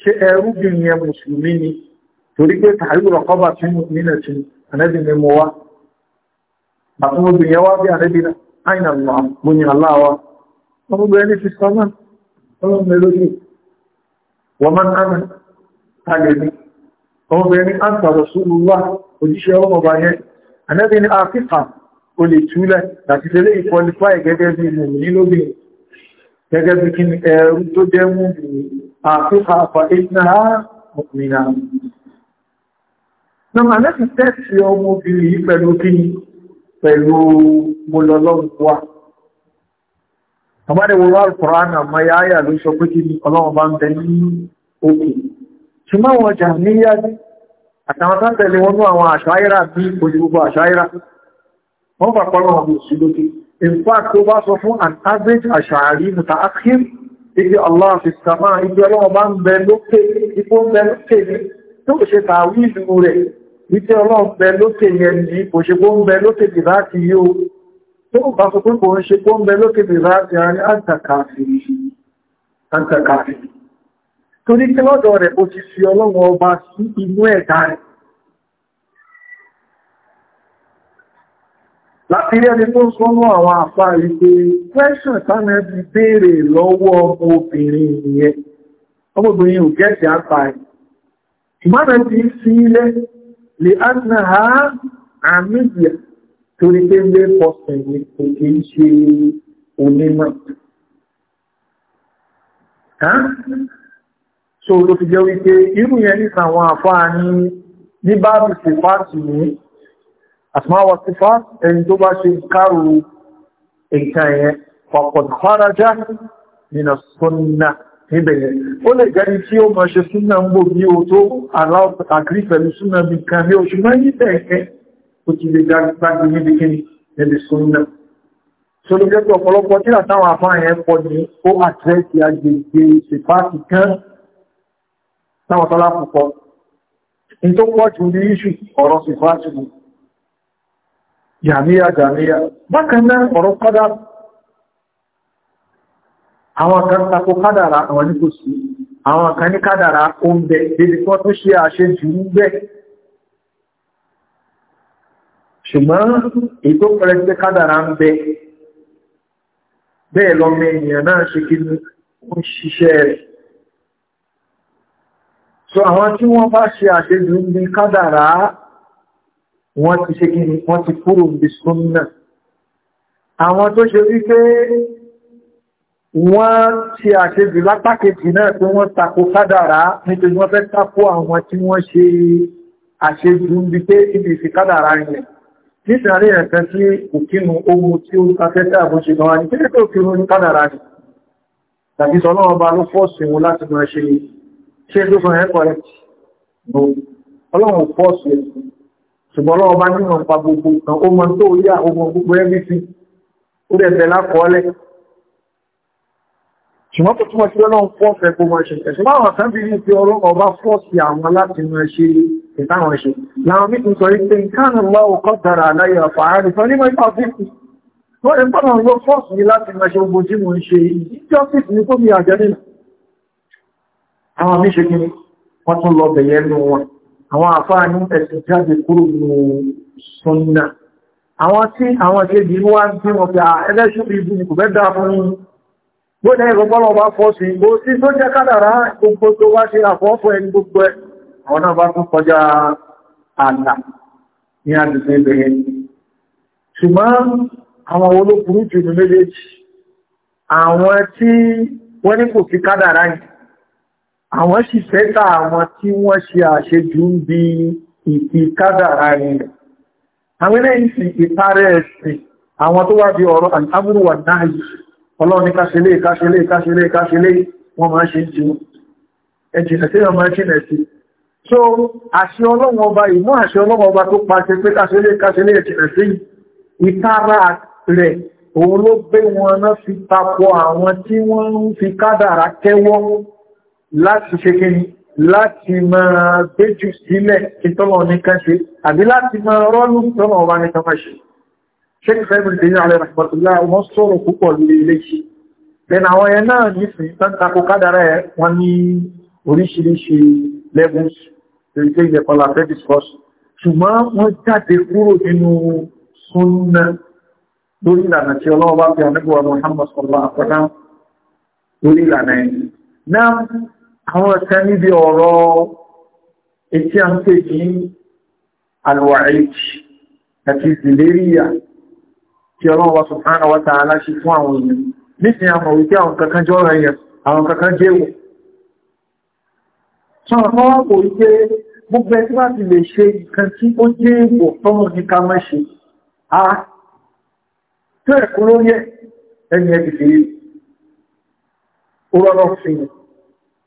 Speaker 1: ṣe ẹrúbìn yẹn mùsùlùmí ni torí pé tí mo ní wá mo wá bí àìnà wọ́n ọmọbìnrin ansa rasulullah òjíṣẹ́ ọmọba yẹn anẹ́bí ní afirka o lè túlẹ̀ láti tẹ́lẹ̀ ìkọlifá gẹ́gẹ́ bí mùmí lóbi gẹ́gẹ́ bí kí ẹ̀rù tó jẹ́ mùmí afirka fa ìtìnà mùmìnà náà anẹ́bí tẹ́sí ọmọbìnrin yìí pẹ̀lú kí pẹ̀lú mọlọlọ́wọ́ àmọ́ ṣùgbọ́n wọn jà ní yájú àtàwọn tán tẹ̀lé wọn ní àwọn àṣáyíra bí ojú gbogbo àṣáyíra wọ́n pàpọ̀lọ́ wọn sí lókè in fact tó bá sọ fún an average àṣàrí mùta akhir ibi allah fi sàmà ibi ọlọ́wọ́ bá ń bẹ lókè ipò ń bẹ lókè ní tó ṣe tàwí ìlú rẹ̀ ibi ọlọ́wọ́ bẹ lókè yẹn ní torí pé lọ́dọ̀ rẹ̀ ó ti fi ọlọ́run ọba sí inú ẹ̀dá rẹ̀ láti rí ẹni tó ń sọ́nú àwọn àfáà wípé kwẹ́ṣọ̀n tánà ti béèrè lọ́wọ́ ọmọbìnrin ìyẹn ọmọbìnrin ò gẹ́ẹ̀sì àpá ẹ̀ ìmọ́nà ti fi ilẹ̀ lè ánà ha àmìdíà torí pé lé pọ̀sẹ̀ ní òkè so ló fi jẹ́ wípé irú yẹn nípa àwọn àfáà ní ní báàbù sí fáàtì ní àsìmáwà sí fáàtì ẹni tó bá ṣe kárò nǹkan yẹn faqad kharaja sunna níbẹ̀ yẹn ó lè gẹ́ni tí ó máa ṣe súnà ń bò bí o tó àgírí pẹ̀lú súnà bí kan ní oṣù máa ní tẹ̀ẹ̀kẹ́ ó ti ọ̀pọ̀lọpọ̀ tí àtàwọn àfáà yẹn pọ̀ ní ó àtẹ́ẹ̀kì agbègbè ìṣèpáàkì kan táwọn tọ́lá in tó pọ̀ jù ní ìṣù ọ̀rọ̀ sí fásitì ni jàmíyà jàmíyà bákan náà ọ̀rọ̀ àwọn kan tako kádàrà àwọn ní sí àwọn kan ní kádàrà oúnjẹ débi kọ́ tó ṣe àṣẹ jù ń bẹ́ ṣùgbọ́n ètò pẹ̀lẹ́sẹ̀ kádàrà ń bẹ́ẹ̀ ènìyàn so àwọn tí wọ́n bá ṣe àṣejù ń bí kádàrá wọ́n ti ṣe kìí wọ́n ti kúrò bí súnnà àwọn tó ṣe wípé wọ́n ṣe àṣejù lápákejì náà tó wọ́n tako kádàrá nítorí wọ́n fẹ́ tako àwọn tí wọ́n ṣe àṣejù ń bí pé ibi ìfi kádàrá rẹ̀ nítorí ẹ̀kan tí òkínu ohun tí ó afẹ́fẹ́ àbúṣe gan-an ní kí ló kírun ní kádàrá rẹ̀ tàbí sọ náà ọba ló fọ́ọ̀sì wọn láti máa ṣe yìí ṣe tó sọ ẹ̀kọ́ rẹ̀ no ọlọ́run pọ̀ sí ẹ̀ ṣùgbọ́n ọlọ́run bá nínú pa gbogbo kan ó mọ tó yá ogun gbogbo ẹbí sí ó dẹ̀ bẹ̀ lákọọ́lẹ̀ ṣùgbọ́n tó túnmọ̀ sí ọlọ́run pọ̀ fẹ́ kó mọ̀ ṣe ṣùgbọ́n àwọn kan bí ní pé ọlọ́run ọba pọ̀ sí àwọn láti mọ̀ ṣe ìtàwọn ṣe làwọn mí tún sọ pé nǹkan lọ ọkọ̀ dára aláyọ̀ àfààrí àwọn mí ṣe kí wọ́n tún lọ bẹ̀yẹ̀ nù wọn àwọn àfáà ní ẹ̀sìn jáde kúrò ní sunna àwọn tí àwọn kejì wá ń bí wọn pé ẹlẹ́ṣù ibi ni kò bẹ́ dáa fún yín bó ní ẹ̀rọ bọ́lọ̀ bá fọ́ sí bó sí tó jẹ́ kádàrá gbogbo tó wá ṣe àfọ́fọ́ ẹni gbogbo ẹ̀ àwọn náà bá tún kọjá àlà ní àdìsí ìbẹ̀rẹ̀ ṣùgbọ́n àwọn olókùnrin jù ní méjèèjì àwọn tí wọ́n ní kò fi kádàrá yìí àwọn sì fẹ́ta àwọn tí wọ́n ṣe àṣejù ń bí ìpì kádàrà rẹ̀ àwọn ilé ìsì ìparẹ́ ẹ̀sìn àwọn tó wá bí ọ̀rọ̀ àmúrùwà náà ọlọ́ni káṣelé káṣelé káṣelé káṣelé wọ́n máa ṣe jù ẹjìnà so àṣẹ ọlọ́wọ́n ọba ìmú àṣẹ ọlọ́wọ́n ọba tó pàṣẹ pé káṣelé káṣelé ẹjìnà sí ìtara rẹ̀ òun ló gbé wọn náà fi tapọ̀ àwọn tí wọ́n ń fi kádàrà kẹ́wọ́ láti ṣe kí ni láti máa gbéjù sílẹ̀ kí tọ́lọ̀ ní kan ṣe àbí láti máa rọ́lù tọ́lọ̀ ọba ní kan máa ṣe ṣe kí fẹ́ mìí tèyí alẹ́ ràpàtàlá wọ́n sọ̀rọ̀ púpọ̀ lórí ilé yìí bẹ́ẹ̀ àwọn ẹ̀ náà nífin tán tako kádàrá ẹ̀ wọ́n ní oríṣiríṣi levels lórí tẹ́ ilẹ̀ kọlá fẹ́ tí ọlọ́wọ́ bá fi àmẹ́gbọ̀ọ́ Muhammad sallallahu alaihi wa sallam lórí náà àwọn ẹ̀kẹ́ níbi ọ̀rọ̀ etí a ń pè ní alwa'idi àti ìdìléríyà tí ọlọ́run wa wata fún àwọn èèyàn n'isi àmọ̀ wípé àwọn kankan jọ rẹ̀ yẹn àwọn kankan jẹ́wọ̀ sọ́rọ̀ wọ́n kò rí pé gbogbo ẹgbẹ́ láti lè ṣe nǹkan tí ó ní ká mọ́ ṣe a tó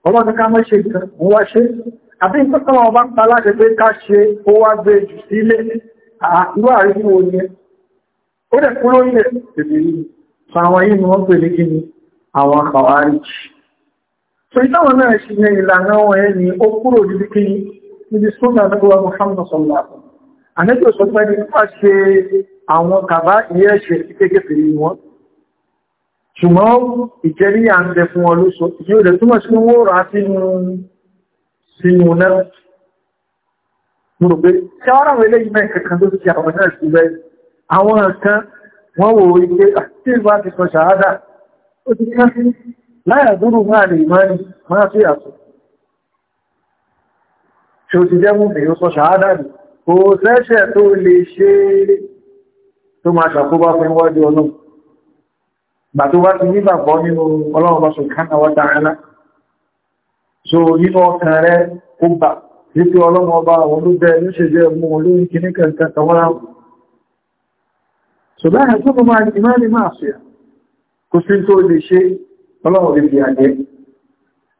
Speaker 1: ọba kankan mọ́ ṣe nǹkan wọ́n wá ṣe àti ìpẹ́kọ̀ọ́ ọba ń pa láti pé ká ṣe ó wá gbé jù sílé ìlú àríwí wo ni ó dẹ̀ kúrò ilẹ̀ ni wọ́n pè ní kíni ni ó kúrò níbi kíni níbi súnà nígbà Muhammad sallallahu alaihi wasallam àníjọ́ sọ pé nípa ṣe ṣùgbọ́n ìjẹrí à ń jẹ fún ọ lóṣò yóò rẹ̀ túnmọ̀ sí owó rà sínú náà mo pé ṣe ọ́rọ̀ àwọn eléyìí kankan tó ti àwọn náà sí rẹ̀ àwọn kan wọ́n wò ilé àti ìwà ti sọ ṣàádà ó ti ká láyà dúró máa lè máa ní máa tó yàtọ̀ ṣe ó ti jẹ́ mú mi ó sọ ṣàádà nì kò sẹ́ṣẹ̀ tó lè ṣe tó máa ṣàkóbá fún iwájú ọlọ́run gbà tó bá ti nígbàgbọ́ nínú ọlọ́run bá ṣùgbọ́n àwọn dáadáa so nínú ọkàn rẹ ó gbà títí ọlọ́run ọba àwọn ló bẹ́ẹ̀ ní ṣe jẹ́ mú olórin kìíní kankan tàwọn so láàrín tó mọ́ máa ìmá ní máa ṣe kò sí tó lè ṣe ọlọ́run lè fi àjẹ́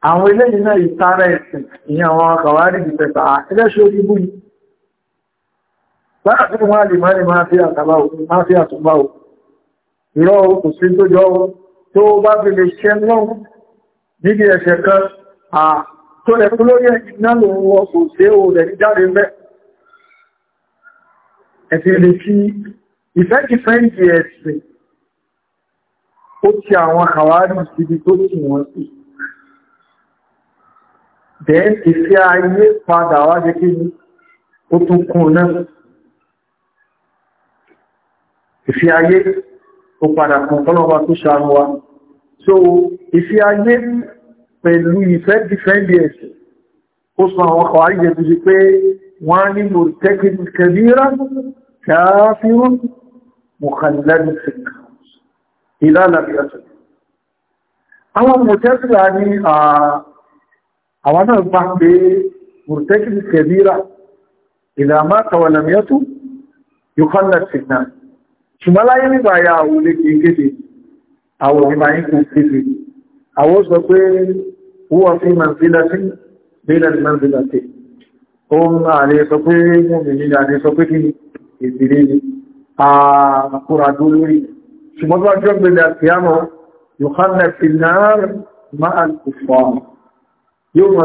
Speaker 1: àwọn eléyìí náà ìtara ẹ̀sìn ìyẹn àwọn akàwárí ti pẹ̀ta ẹlẹ́ṣẹ́ orí ìrọ̀ kò sí tó jọ tó bá fi lè ṣe lọ́wọ́ níbi ẹ̀ṣẹ̀ kan tó lẹ̀ kú lórí ìdínà lòun wọ́n kò sí ó rẹ̀ jáde mẹ́ ẹ̀sìn lè fi ìfẹ́ ìfẹ́ ìdí ẹ̀sìn ó ti àwọn àwárí síbi tó ti wọ́n sí bẹ́ẹ̀ ìfẹ́ ayé padà wá jẹ́ ó tún kún náà ìfẹ́ ayé ó padà kan kọ́lọ́wà tó ṣàánú wa so ìfi ayé pẹ̀lú ìfẹ́ dìfẹ́ndì ẹ̀sì ó sọ àwọn ọkọ̀ ayé tó ṣe pé wọ́n ní mọ̀tẹ́kìn kẹbíra káfírún mọ̀kànlẹ́dùn fìkà ìlàlàbíyàtọ̀ àwọn mọ̀tẹ́kìlá náà ṣùgbọ́n láyé nígbà ya àwò lè kìí kéfè àwò ní máa ń kò kéfè àwò sọ pé wọ́n fi manzilati bílẹ̀ manzilati ohun ààrẹ sọ pé mọ́mí ní ààrẹ sọ pé kí ìbìrí ni àkúradó lórí ṣùgbọ́n tó jọ gbẹ̀lẹ̀ àkíyàmọ̀ yóò fi náà máa kùfọ́ yóò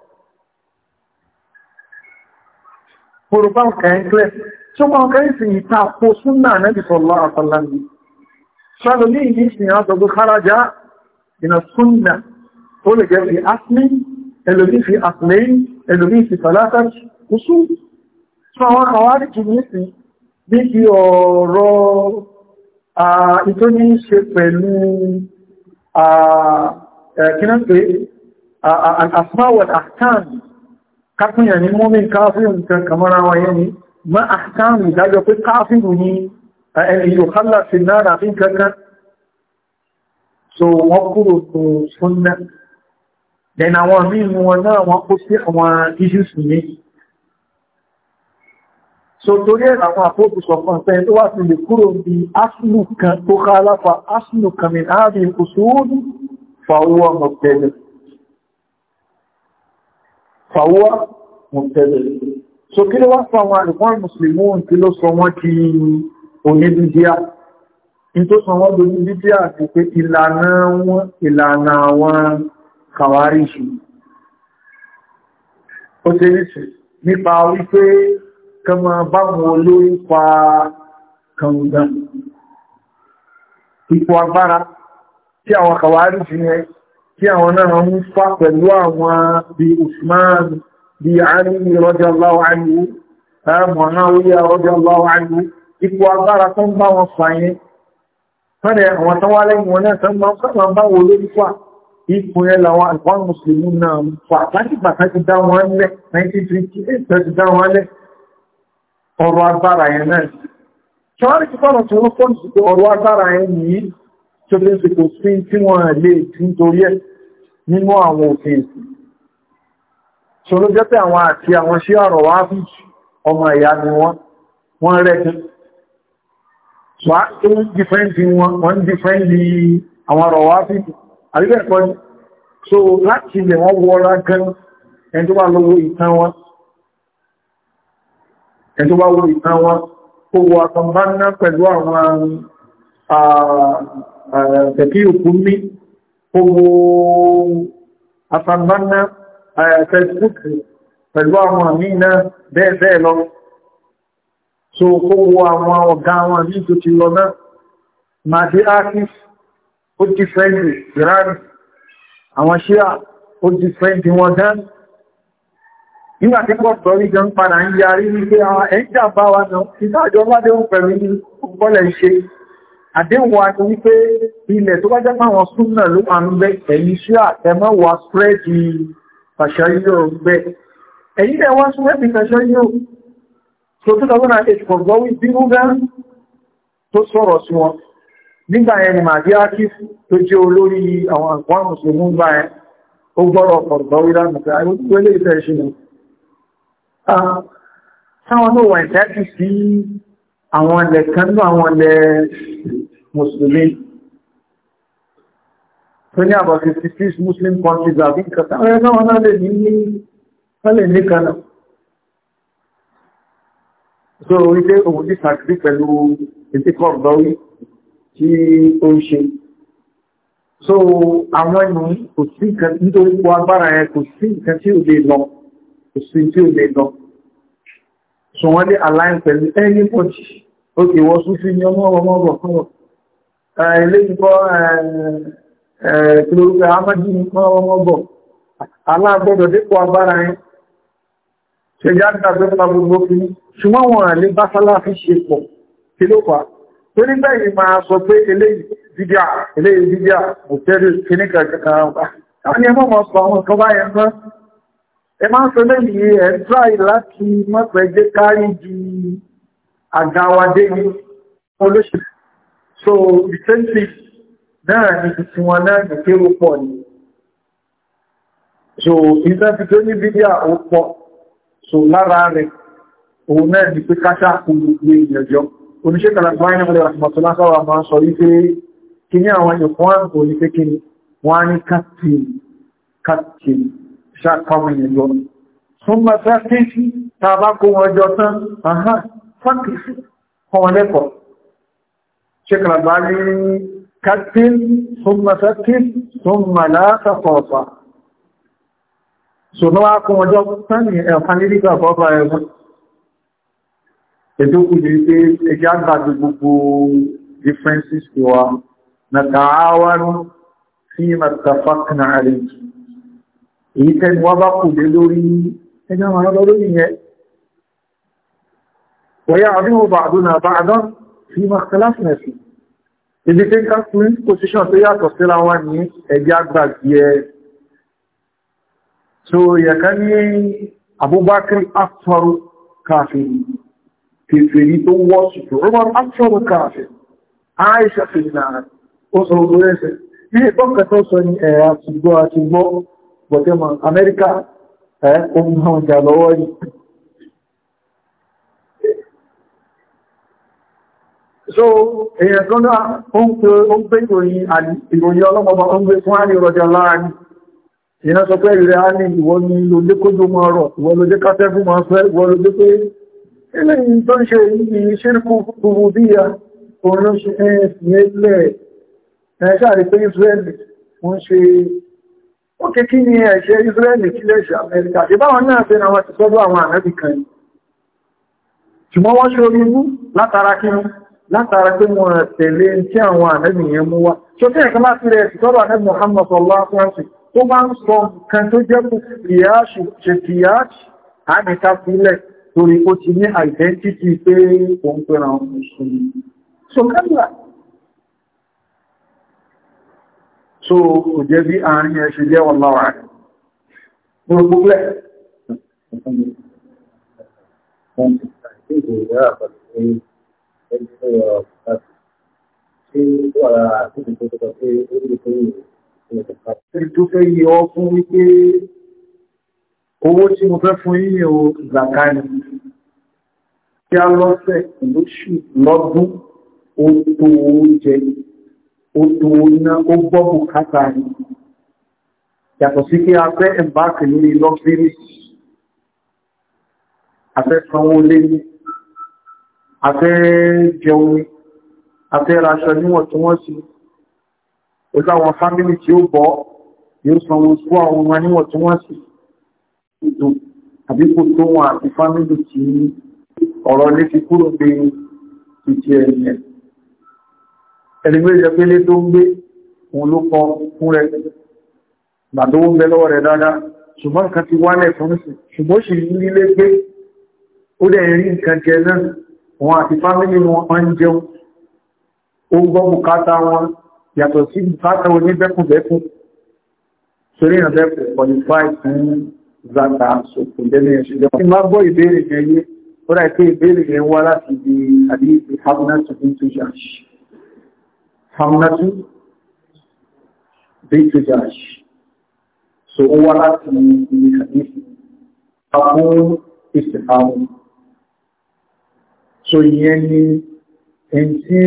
Speaker 1: Yorùbá ọ̀kẹ́ ẹ̀kẹ́ ṣùgbọ́n ọ̀kẹ́ ìsìn ìta àpò súnà nẹ́bì sọ̀lọ́ àtàlàmì. Ṣọ́lọ́ ní ìní ìsìn àtọ̀gbọ́ kárájá ìnà súnà tó lè jẹ́ fi asmi, ẹlòmí fi asmẹ́yìn, ẹlòmí fi fàlátàkì, kùsù. Ṣọ́wọ́n àwárí kì ní ìsìn bí i ọ̀rọ̀ ìtó ní àkáàmì kápínyà ní mọ́mìn káfíìn nǹkan kamara wa yẹ́ ni ma a káàmù ìdájọ́ pé káfíìn ní ẹni yóò kálà sí náà fi kankan so wọ́n kúrò tó súnnà then àwọn mímú wọn náà wọ́n kó sí àwọn issues ní so torí ẹ̀rọ àwọn àpóòkù sọ̀kan pẹ́ tó wà sí lè kúrò bí asìlù kan tó ká aláfà asìlù kan min áàbí ìkùsùn fàwọ́ ọmọ pẹ̀lú fàwọ́ mọ̀tẹ́lẹ̀ so kí ló wá sọ àwọn àrùkún mùsùlùmí kí ló sọ wọ́n ti onídíjíà in tó sọ wọ́n lórí dídíà ti pé ìlànà wọn ìlànà àwọn kàwáríṣì ó ṣe ríṣì nípa wípé kọmọ báwọn olórí pa kàngbà ipò agbára tí àwọn kàwáríṣì yẹn tí àwọn náà ń fà pẹ̀lú àwọn bí Usman bí Ali radiyallahu anhu Muawiya radiyallahu anhu ipò agbára tó ń bá wọn fà yẹn fẹ́rẹ̀ àwọn tó wá lẹ́yìn wọn náà tó máa ń sábà bá wo lórí fà ipò yẹn làwọn àlùfáà mùsùlùmí náà ń fà láti bàtà ti dá wọn lẹ̀ 1938 ti nínú àwọn òfin ìsì ṣe ló jẹ́ pé àwọn àti àwọn ṣí àrọ̀ wá fi ọmọ ẹ̀yà ni wọ́n wọ́n rẹ́kí wá tó ń dìfẹ́ǹdì wọn wọ́n dìfẹ́ǹdì àwọn àrọ̀ wá fi àríkẹ́kọ́ ni so láti ilẹ̀ wọ́n wọ́ra gan ẹni tó bá lọ́wọ́ ìtàn wọn ẹni tó bá wọ́ ìtàn wọn ó wọ àtọ̀mbá ná pẹ̀lú àwọn tẹ̀kí òkú mí gbogbo asambanna facebook pẹ̀lú àwọn àmì náà bẹ́ẹ̀ bẹ́ẹ̀ lọ so gbogbo àwọn ọ̀gá àwọn àmì tó ti lọ náà mahdi artist ó ti fẹ́ǹdì iran àwọn ṣíà ó ti fẹ́ǹdì wọn gan nígbàtí pọ̀ sọ́rí gan padà ń yarí wípé àwọn ah, ẹ̀ńjà bá wa náà ìdájọ́ wádé ó pẹ̀lú ìpọ́lẹ̀ ṣe àdéhùn wa ni wípé ilẹ̀ tó bá jẹ́ fáwọn súnmọ̀ ló wà ń bẹ ẹ̀yìn ṣíà ẹmọ́wà spreadi fàṣọ yóò bẹ ẹ̀yìn rẹ̀ wá spreadi fàṣọ yóò so 2008 kò gbọ́ wípé rúgán tó sọ̀rọ̀ sí wọn nígbà yẹn ni màdí akif tó jẹ́ olórí àwọn àgbọn mùsùlùmí àwọn ilẹ̀ kan ní àwọn ilẹ̀ mùsùlùmí tó ní àbọ̀ 56 muslim countries àbí kàtà rẹ̀ náà wọ́n lè ní lè ní kanáà so wípé òun ti sàkìrí pẹ̀lú ìtíkọ̀ ọ̀gbọ́wí tí ó ń ṣe so àwọn ìmú kò sí nǹkan nítorí agbára ẹ kò sí nǹkan tí ò lè lọ kò sí tí ò lè lọ so wọ́n dé align pẹ̀lú ẹni pọ̀jì ó kè wọ́n sún sí ní ọmọ ọmọ ọgbọ̀ fún ọ̀ eléyìí kọ́ kìlórúkọ amájí ní kọ́ ọmọ ọgbọ̀ aláàgbọ́dọ̀ dípò agbára yẹn ṣe jáde àbẹ́fà gbogbo fi ṣùgbọ́n wọn àlé bá sálàfí ṣe pọ̀ kí ló fà tó nígbà yìí máa sọ pé eléyìí dídíà eléyìí dídíà òtẹ́rì kìnnìkan kankan ẹ máa ń sọ lẹ́yìn ẹ̀tọ́ láti mọ́pẹ̀ẹ́jẹ́ kárí ju àgáwadé ní olóṣèlú so recently náà ni ti wọn náà ní kéwò pọ̀ ni so ìfẹ́fi tó ní fídíà ó pọ̀ so lára rẹ̀ òun náà ni pé káṣá kú gbogbo ìyànjọ́ oníṣẹ́ kàlàgbà ní ọmọdé àtìmọ̀tọ́lá sáwà máa ń sọ wípé kí ní àwọn ìfọ́n ni wọ́n á ṣàkọmọ̀ ìjọ súnmọ́ sáfíìsì tàbá kó wọn jọ tán àhá fákìsì kan lẹ́kọ̀ọ́ ṣekàlàbà ní kàtíl súnmọ́ sáfíìsì súnmọ́ látàkọ̀ọ̀fà ṣùgbọ́n wá kó wọn jọ tán ní ẹ̀fà nílí ẹ̀dókù ní pé ẹjẹ́ àgbàgbé gbogbo differences wa na tààwárún sí màtàfàkìnà àríjì èyí tẹ́ni wọ́n bá kù lé lórí ẹjọ́ àwọn ọlọ́ lórí yẹn wọ́yá àdúgbò bá àdúnà bá àdán fi máa kẹlásìnà sí ibi tí ká fún position tó yàtọ̀ síra wá ní ẹgbẹ́ àgbàgbé ẹ so yẹ̀ká ní Abubakar afọ́rù káfíìn kèfèrí tó wọ́ sùtù Umar sọ orí ẹsẹ̀ ní ìbọ́kẹ̀ tó sọ porque mọ̀ amẹ́ríkà ẹ́ eh, ohun àwọn ìjà lọ́wọ́ rí so èèyàn kan náà ó ń pé ìròyìn ìròyìn ọlọ́mọba ó ń gbé fún àní ìrọ̀jà láàrin ìyẹn sọ pé ìrẹ́ àní ìwọ ni ló jẹ́ kójú mọ́ ọ̀rọ̀ ìwọ ló jẹ́ kásẹ́fù mọ́ fẹ́ ìwọ ló jẹ́ pé eléyìn tó ń ṣe yìí ṣírkù gbogbo bí i òun ló ṣe ẹ̀ẹ́sì ẹ̀ẹ́lẹ̀ ẹ̀ṣàrí pé Israeli wọ́n ṣe òkè kí ni ẹ̀ṣẹ̀ Israẹli kí lẹ́ṣẹ̀ Amẹ́ríkà ìbáwọn náà fẹ́ náà wọ́n ti sọ́dọ̀ àwọn ànábì kan yìí ṣùgbọ́n wọ́n ṣe orí mú látara kí látara pé wọ́n tẹ̀lé tí àwọn ànábì yẹn mú wá tó tẹ́ ẹ̀kan láti rẹ̀ ti sọ́dọ̀ ànábì Muhammad sallallahu alaihi wasallam tó bá ń sọ nǹkan tó jẹ́ kú fìyàṣù ṣe fìyàṣù àmìta sílẹ̀ torí ó ti ní identity pé òun pẹ̀ràn mùsùlùmí so kò jẹ́ bí àárín ẹ̀ṣẹ̀ jẹ́ wọ́n láwà rẹ̀ gbogbo pẹ́ tó fẹ́ yí ọ fún wípé owó tí mo fẹ́ fún yíyẹ o zaka ni kí a lọ́sẹ̀ lóṣù lọ́dún ó tó oúnjẹ yìí odò iná ó gbọ́ bùkátà rí yàtọ̀ sí kí a fẹ́ ẹ̀mbákì ní lọ́fírí afẹ́ sanwó lé ní afẹ́ jẹun ní afẹ́ raṣọ níwọ̀n tí wọ́n sí ó láwọn fámílì tí ó bọ́ yóò sanwó fún àwọn ọmọ níwọ̀n tí wọ́n sí ètò àbí kò tó wọn àti fámílì tí ọ̀rọ̀ lé fi kúrò gbé ìtì ẹ̀yìn ẹ̀lẹ́gbẹ́ ìjẹpẹ́lẹ́ tó ń gbé òun ló kọ fún rẹ̀ bàtó ń bẹ lọ́wọ́ rẹ̀ dáadáa ṣùgbọ́n nǹkan ti wálẹ̀ fún sí ṣùgbọ́n sì nílé gbé ó dẹ̀ rí nǹkan jẹ náà wọn àti fámílì wọn máa ń jẹun ó ń gbọ́ bùkátà wọn yàtọ̀ sí bùkátà wọn ní bẹ́kùnbẹ́kùn torí náà bẹ́kùn qualify fún zata sókùn lẹ́nu ẹ̀ṣẹ̀ jẹun. ti máa gbọ́ ìbéèrè yẹn yé ó dà pé ìbéèrè yẹn wá láti ibi àdéhùn hamlet tuntun ṣàṣì Hamnatu bint Jash so ó wá láti ibi kàdífì fún ìsìnkáwọ́ so ìyẹn ni ẹni tí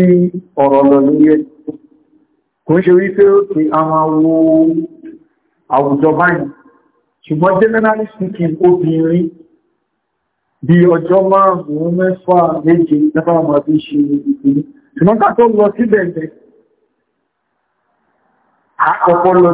Speaker 1: ọ̀rọ̀ lọ níyẹ kò ń ṣe wípé ó ti a máa wo àwùjọ báyìí ṣùgbọ́n generally speaking obìnrin bí ọjọ́ márùn-ún mẹ́fà méje lẹ́fà máa fi ṣe ìpínlẹ̀ ṣùgbọ́n ká tó lọ síbẹ̀ àkọ́kọ́